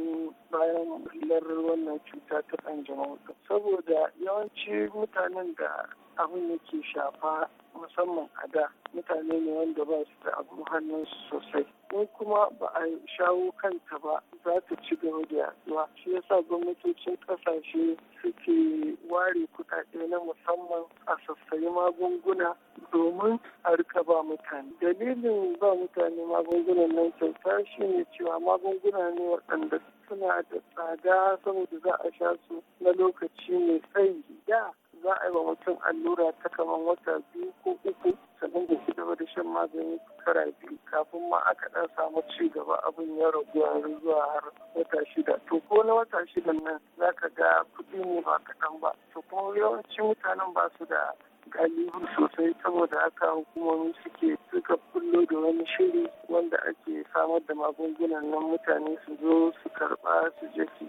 bayan bular wannan cuta ta kanjamau saboda yawanci mutanen da abin yake shafa musamman a da mutane ne wanda ba su da abu su sosai in kuma ba a shawo kanta ba za ta ci gaba da yaduwa shi yasa gwamnatocin kasashe suke ware kuɗaɗe na musamman a sassayi magunguna domin a rika ba mutane dalilin ba mutane magungunan nan kyauta shi ne cewa magunguna ne waɗanda suna da tsada saboda za a sha su na lokaci mai tsayi da za a yi wa mutum allura ta kaman wata biyu ko uku sannan da ci da shan magani tara biyu kafin ma aka ɗan samu ci gaba abin ya ragu yanzu zuwa har wata shida to ko na wata shida nan za ka ga kuɗi ne ba kaɗan ba to kuma yawancin mutanen ba su da galibi sosai saboda haka hukumomi suke suka kullo da wani shiri wanda ake samar da magungunan nan mutane su zo su karɓa su je su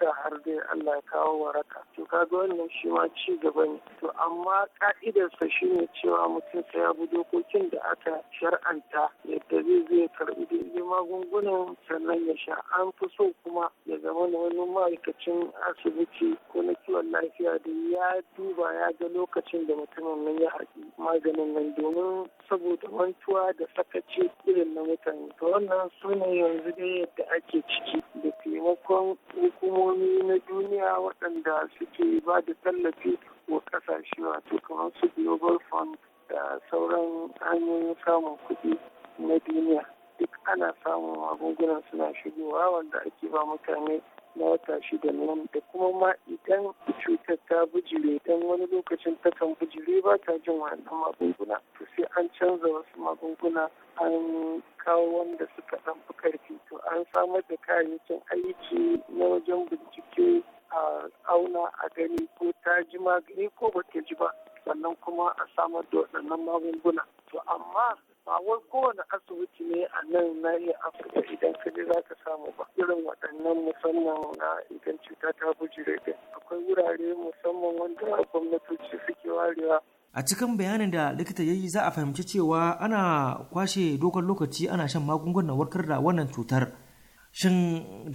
sha har dai Allah ya kawo waraka to ga wannan shi ma ci gaba ne to amma ka'idarsa shine cewa mutum sai ya bi dokokin da aka shar'anta yadda zai zai karbi daidai magungunan sannan ya sha an fi so kuma ya zama da wani ma'aikacin asibiti ko na kiwon lafiya da ya duba ya ga lokacin da mutumin nan ya haɗu maganin nan domin saboda mantuwa da sakaci irin na mutane to wannan su ne yanzu dai yadda ake ciki da taimakon hukumomi hukumomi na duniya waɗanda suke ba da tallafi wa ƙasashe wato kamar su global fund da sauran hanyoyin samun kuɗi na duniya duk ana samun magungunan suna shigowa wanda ake ba mutane na wata shida nan da kuma ma idan cutar ta bijire idan wani lokacin takan bijire ba ta jin wannan magunguna to sai an canza wasu magunguna an kawo wanda suka dan fi karfi to an samar da kayayyakin aiki na wajen bincike a auna a gani ko ta ji magani ko ba ta ji ba sannan kuma a samar da waɗannan magunguna to amma ba wai kowane asibiti ne a nan na iya afirka idan ka je za ka samu ba irin waɗannan musamman na idan cuta ta bujire din akwai wurare musamman wanda gwamnatoci suke warewa a cikin bayanin da likita ya yi za a fahimci cewa ana kwashe dogon lokaci ana shan magungunan warkar da wannan cutar shin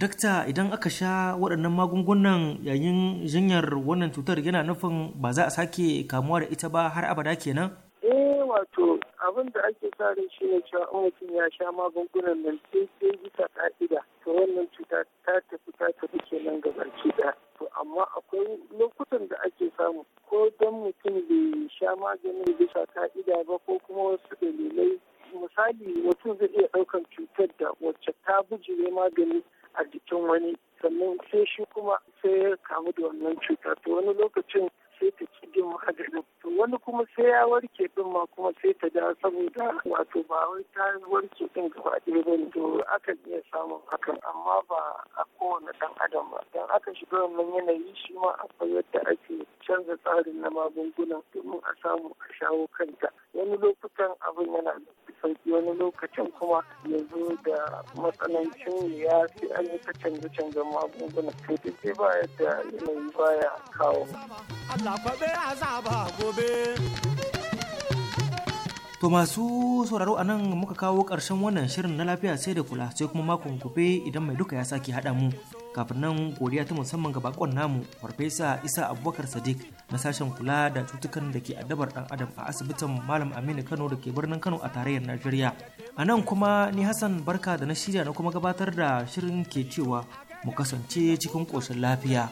dakta idan aka sha waɗannan magungunan yayin jinyar wannan cutar yana nufin ba za a sake kamuwa da ita ba har abada kenan eh wato abin da ake sa ran shi ne cewa in mutum ya sha magungunan nan sai bisa ka'ida to wannan cuta ta tafi ta tafi kenan gabaki da to amma akwai lokutan da ake samu ko don mutum bai sha maganin bisa ka'ida ba ko kuma wasu dalilai misali mutum zai iya ɗaukan cutar da wacce ta bujire magani a jikin wani sannan sai shi kuma sai ya kamu da wannan cuta to wani lokacin sai ta cigin maganin to wani kuma sai ya warke din ma kuma sai ta da saboda wato ba wai ta warke ɗin gaba ɗaya ba ne to aka iya samun hakan amma ba a kowane ɗan adam ba dan aka shiga wannan yanayi shi ma akwai yadda ake canza tsarin na magungunan domin a samu a shawo kanta wani lokutan abin yana da sauki wani lokacin kuma ya zo da matsanancin ya sai an yi ta canje-canjen magungunan to duk ba yadda yanayi baya kawo. To masu sauraro a nan muka kawo ƙarshen wannan shirin na lafiya sai da kula sai kuma makon gobe idan mai duka ya sake haɗa mu. Kafin nan godiya ta musamman ga bakon namu Farfesa Isa Abubakar Sadiq na sashen kula da cutukan da ke addabar ɗan adam a asibitin Malam Aminu Kano da ke birnin Kano a tarayyar Najeriya. A nan kuma ni Hassan Barka da na shirya na kuma gabatar da shirin ke cewa mu kasance cikin ƙoshin lafiya.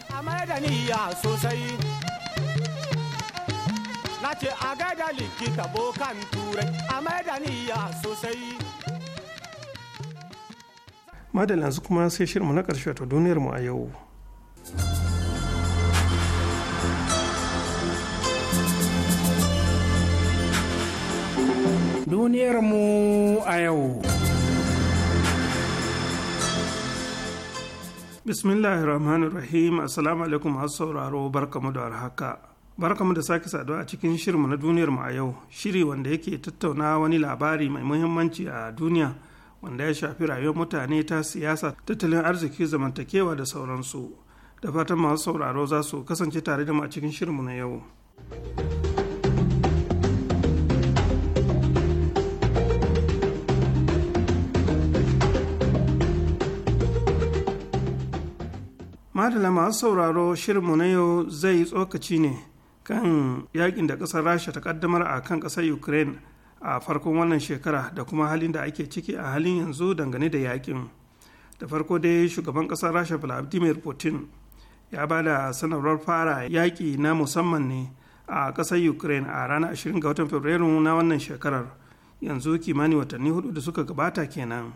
Nace a gaida likita bokan turai a maidaniya sosai. Madalla yanzu kuma sai shirmu na ƙarshe ta duniyarmu a yau. Duniyarmu a yau. Bismillahirrahmanirrahim. rahim assalamu alaikum masu sauraro barkamu da warhaka barkamu da sake saduwa a cikin shirinmu na duniyar mu a yau shiri wanda yake tattauna wani labari mai muhimmanci a duniya wanda ya shafi rayuwar mutane ta siyasa tattalin arziki zamantakewa da sauransu da fatan masu sauraro za su kasance tare da mu a cikin shirinmu na yau madala masu sauraro shirinmu na yau zai yi tsokaci ne kan yakin da ƙasar rasha ta kaddamar a kan ƙasar ukraine a farkon wannan shekara da kuma halin da ake ciki a halin yanzu dangane da yakin da farko dai shugaban ƙasar rasha vladimir putin ya ba da sanarwar fara yaƙi na musamman ne a ƙasar ukraine a ranar 20 ga watan fabrairu na wannan shekarar yanzu kimanin watanni hudu da suka gabata kenan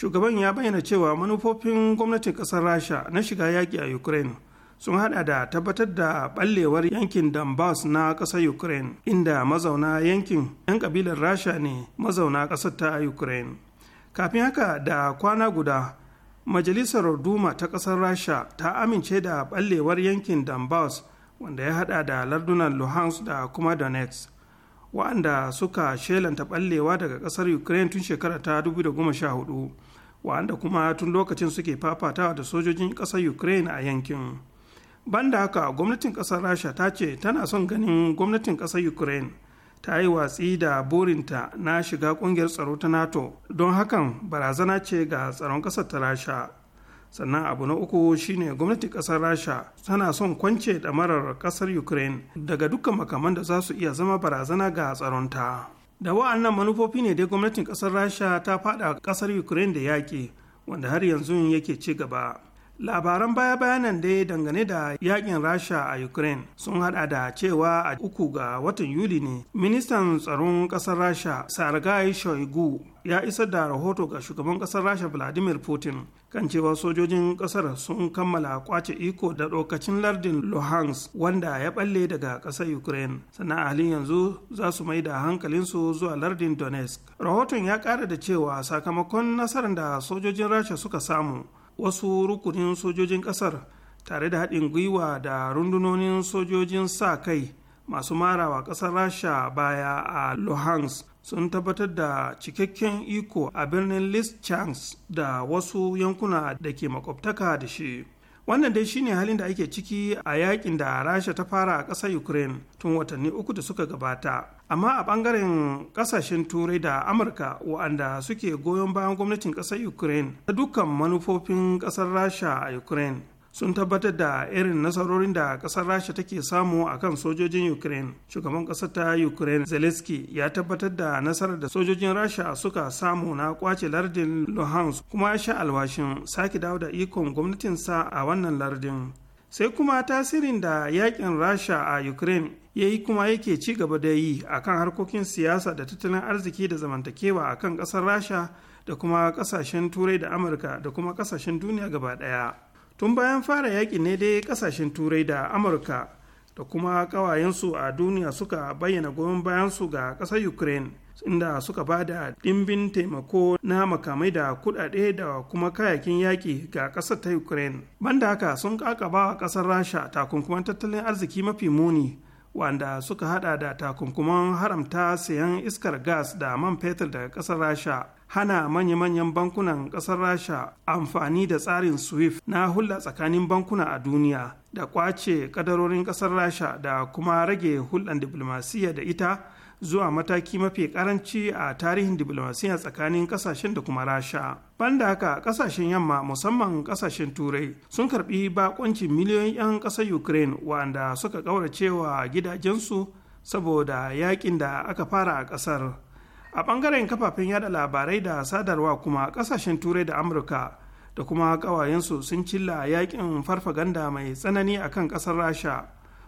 shugaban ya bayyana cewa manufofin gwamnatin kasar rasha na shiga yaki a ukraine sun hada da tabbatar da ballewar yankin donbass na ƙasar ukraine inda mazauna yankin 'yan kabilar rasha ne mazauna ƙasar ta ukraine kafin haka da kwana guda majalisar duma ta ƙasar rasha ta amince da ballewar yankin donbass wanda ya hada da lardunan luhansk da kuma donetsk wa'anda suka shelanta ballewa daga ƙasar ukraine tun shekara ta 2014 wa'anda kuma tun lokacin suke fafatawa da sojojin ƙasar ukraine a yankin banda haka gwamnatin ƙasar rasha ta ce tana son ganin gwamnatin ƙasar ukraine ta yi watsi da burinta na shiga ƙungiyar tsaro ta nato don hakan barazana ce ga tsaron ƙasar ta rasha sannan abu na uku shine gwamnatin ƙasar rasha tana son kwance ɗamarar ƙasar ukraine daga dukkan makaman da za su iya zama barazana ga tsaronta. da wa'annan manufofi ne dai gwamnatin kasar rasha ta fada kasar ukraine da yaƙi wanda har yanzu yake ci gaba labaran baya-bayanan ya dangane da yakin rasha a ukraine sun hada da cewa a uku ga watan yuli ne ministan tsaron kasar rasha sargai shoigu ya isa da rahoto ga shugaban kasar rasha vladimir putin kan cewa sojojin kasar sun kammala kwace iko da lokacin lardin luhansk wanda ya balle daga kasar ukraine sannan halin yanzu za su mai da hankalinsu zuwa lardin donetsk rahoton ya kara da cewa sakamakon nasarar da sojojin rasha suka samu wasu rukunin sojojin ƙasar tare da haɗin gwiwa da rundunonin sojojin sa kai masu marawa ƙasar rasha baya a luhansk sun tabbatar da cikakken iko a birnin lischansk da wasu yankuna da ke makwabtaka da shi wannan dai shine halin da ake ciki a yakin da rasha ta fara a ƙasar ukraine tun watanni uku da suka gabata amma a ɓangaren ƙasashen turai da amurka wa'anda suke goyon bayan gwamnatin ƙasar ukraine da dukkan manufofin ƙasar rasha a ukraine sun tabbatar da irin nasarorin da kasar rasha take samu a kan sojojin ukraine shugaban kasar ta ukraine zelensky ya tabbatar da nasarar da sojojin rasha suka samu na kwace lardin luhansk kuma ya sha alwashin sake dawo da ikon gwamnatinsa a wannan lardin sai kuma tasirin da yakin rasha a ukraine ya yi kuma yake ci gaba da yi a kan harkokin siyasa da tattalin arziki da zamantakewa a kan kasar rasha da kuma kasashen turai da amurka da kuma kasashen duniya gaba daya tun bayan fara yaƙi ne dai ƙasashen turai da amurka da kuma ƙawayensu a duniya suka bayyana goyon bayansu ga ƙasar ukraine inda suka ba da ɗimbin taimako na makamai da kuɗaɗe da kuma kayakin yaƙi ga ƙasar ta ukraine banda haka sun ƙaƙaba ƙasar rasha takunkuman tattalin arziki mafi muni wanda suka hada da takunkuman haramta sayan iskar gas da man fetur daga kasar rasha hana manya-manyan bankunan kasar rasha amfani da tsarin swift na hulɗa tsakanin bankuna a duniya da kwace kadarorin kasar rasha da kuma rage hulɗan diplomasiyya da ita zuwa mataki mafi karanci a tarihin diplomasiya tsakanin kasashen da kuma rasha banda haka kasashen yamma musamman kasashen turai sun karbi bakoncin miliyoyin 'yan kasar ukraine wanda suka cewa gidajensu saboda yakin da aka fara a kasar a bangaren kafafen yada labarai da sadarwa kuma kasashen turai da amurka da kuma kawayensu sun cilla yakin farfaganda mai tsanani akan kasar rasha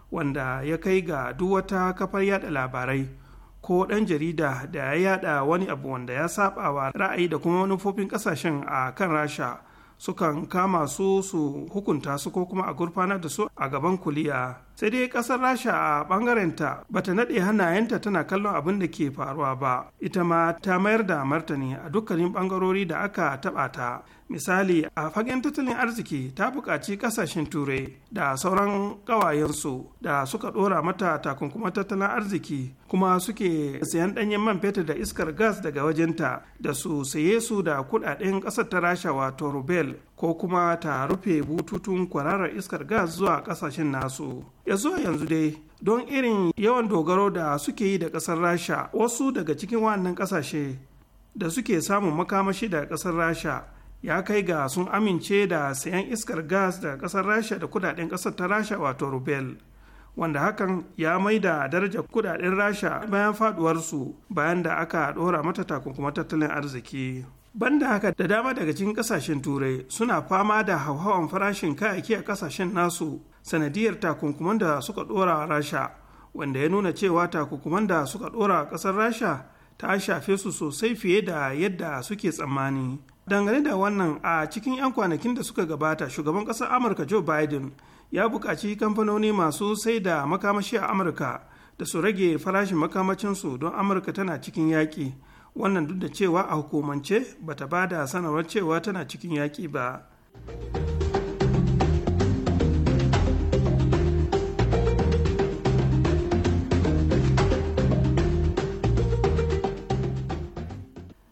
wanda ya kai ga duk wata kafar yada labarai ko ɗan jarida da ya yada wani abu wanda ya saba wa ra'ayi da kuma manufofin ƙasashen a kan rasha sukan kama su su hukunta su ko kuma a gurfanar da su a gaban kuliya sai dai ƙasar rasha a bangarenta ta naɗe hannayenta tana kallon abin da ke faruwa ba ita ma ta mayar da martani a dukkanin bangarori da aka taɓa ta misali a fagen tattalin arziki ta buƙaci ƙasashen turai da sauran ƙawayensu da suka ɗora mata takunkuma tattalin arziki kuma suke sayan ɗanyen man fetur da iskar gas daga wajenta da su saye su da kuɗaɗen ƙasar ta rasha wato rubel ko kuma ta rufe bututun kwararar iskar gas zuwa ƙasashen nasu ya zuwa yanzu dai don irin yawan dogaro da suke yi da ƙasar rasha wasu daga cikin wannan ƙasashe da suke samun makamashi daga ƙasar rasha ya kai ga sun amince da sayan iskar gas daga kasar rasha da kudaden kasar ta rasha wato rubel wanda hakan ya maida daraja kudaden rasha bayan faduwarsu bayan da aka dora mata takunkuma tattalin arziki banda haka da dama daga cikin kasashen turai suna fama da hauhawan farashin kayayyaki a kasashen nasu sanadiyar takunkuman da suka dora rasha wanda ya nuna cewa takunkuman da suka dora kasar rasha ta shafe su sosai fiye da yadda suke tsammani dangane da wannan a cikin 'yan kwanakin da suka gabata shugaban ƙasar amurka joe biden ya buƙaci kamfanoni masu sai da makamashi a amurka da su rage farashin makamacinsu don amurka tana cikin yaƙi wannan duk da cewa a hukumance bata ba da sanarwar cewa tana cikin yaƙi ba.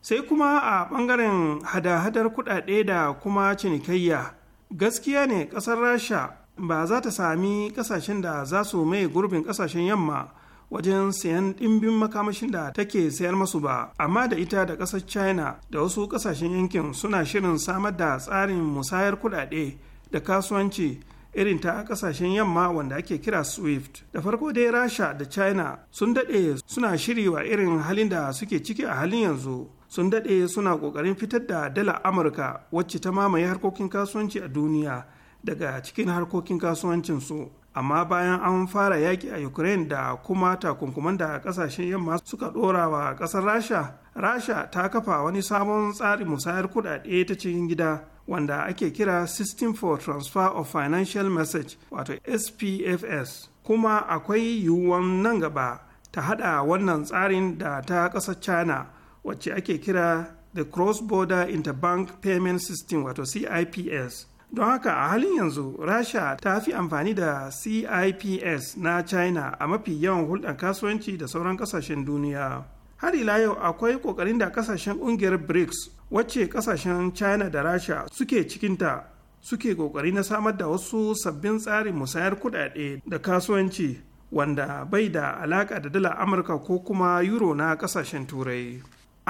sai kuma a ɓangaren hada-hadar kuɗaɗe da kuma cinikayya gaskiya ne ƙasar rasha ba za ta sami ƙasashen da za su mai gurbin ƙasashen yamma wajen sayan ɗimbin makamashin da take sayar masu ba amma da ita da ƙasar china da wasu ƙasashen yankin suna shirin samar da tsarin musayar kuɗaɗe da kasuwanci irin ta ƙasashen yamma wanda ake kira swift da farko dai rasha da china sun daɗe suna shiri wa irin halin da suke ciki a halin yanzu sun daɗe suna ƙoƙarin fitar da dala amurka wacce ta mamaye harkokin kasuwanci a duniya daga cikin harkokin kasuwancinsu amma bayan an fara yaƙi a ukraine da kuma takunkuman da ƙasashen yamma suka ɗora wa ƙasar rasha rasha ta kafa wani sabon tsarin musayar kuɗaɗe ta cikin gida wanda ake kira system for transfer of financial message wato spfs kuma akwai yiwuwan nan gaba ta haɗa wannan tsarin da ta ƙasar china wacce ake kira the cross border interbank payment system wato cips don haka a halin yanzu rasha ta fi amfani da cips na china a mafi yawan hulɗar kasuwanci da sauran kasashen duniya har ila yau akwai ƙoƙarin da kasashen ƙungiyar brics wacce kasashen china da rasha suke cikinta suke ƙoƙari na samar da wasu sabbin tsarin musayar kuɗaɗe da kasuwanci wanda bai da alaƙa da dala amurka ko kuma euro na kasashen turai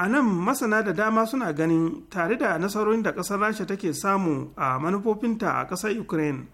a nan masana da dama suna ganin tare da nasarorin da ƙasar rasha take samu a manufofinta a ƙasar ukraine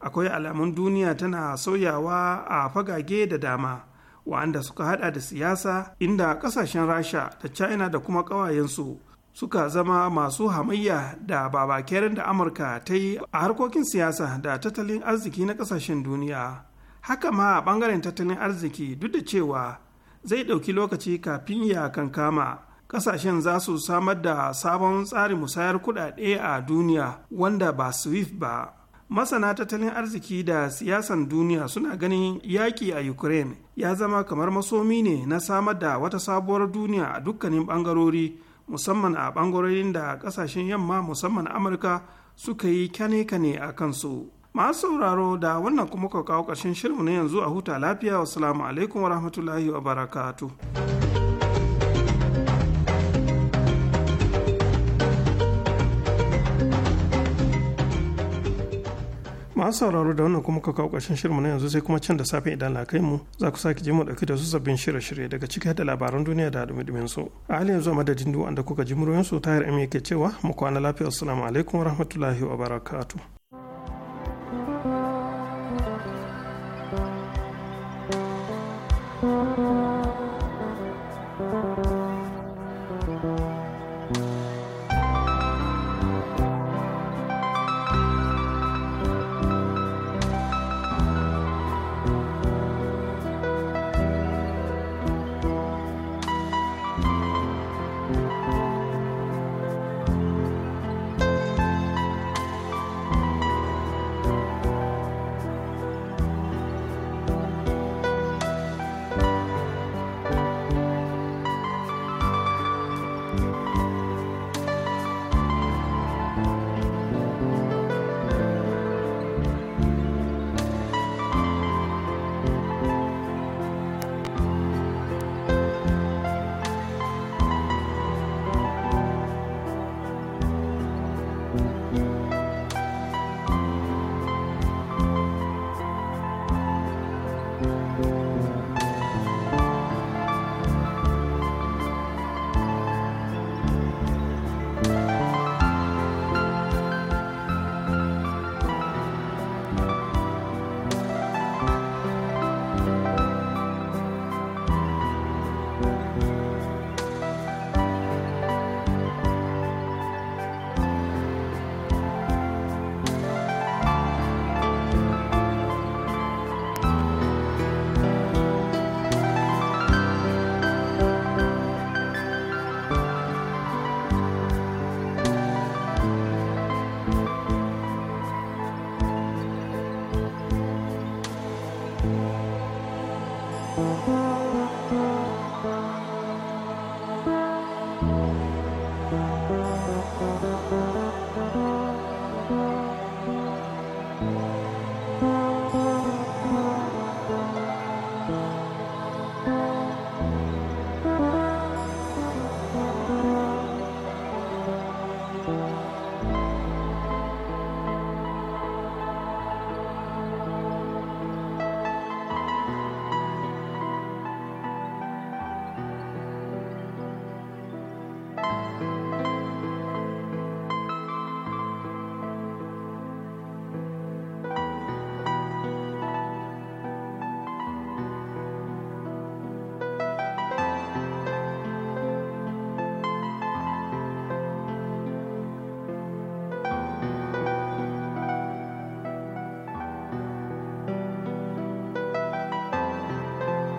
akwai alamun duniya tana sauyawa a fagage da dama wa'anda suka hada da siyasa inda ƙasashen rasha da china da kuma ƙawayensu suka zama masu hamayya da babakerin da amurka ta yi a harkokin siyasa da tattalin arziki na ƙasashen duniya haka ma a ɓangaren tattalin arziki duk da cewa zai ɗauki lokaci kafin ya kankama kasashen za su samar da sabon tsarin musayar kudade a duniya wanda ba swift ba masana tattalin arziki da siyasan duniya suna ganin yaƙi a ukraine ya zama kamar masomi ne na samar da wata sabuwar duniya a dukkanin bangarori musamman a ɓangarorin da ƙasashen yamma musamman amurka suka yi kane-kane a kansu masu sauraro da wannan kuma kawo ƙarshen shirinmu na yanzu a huta lafiya wasu alaikum wa rahmatullahi wa barakatuh masu sauraro da wannan kuma ka kawo ƙarshen shirmu na yanzu sai kuma can da safe idan na kai mu za ku sake je mu ɗauki da su sabbin shirye-shirye daga ciki da labaran duniya da dumi-dumin su a halin yanzu a madadin duk wanda kuka ji muryoyin su tahir amin yake cewa mu kwana lafiya assalamu alaikum wa barakatu.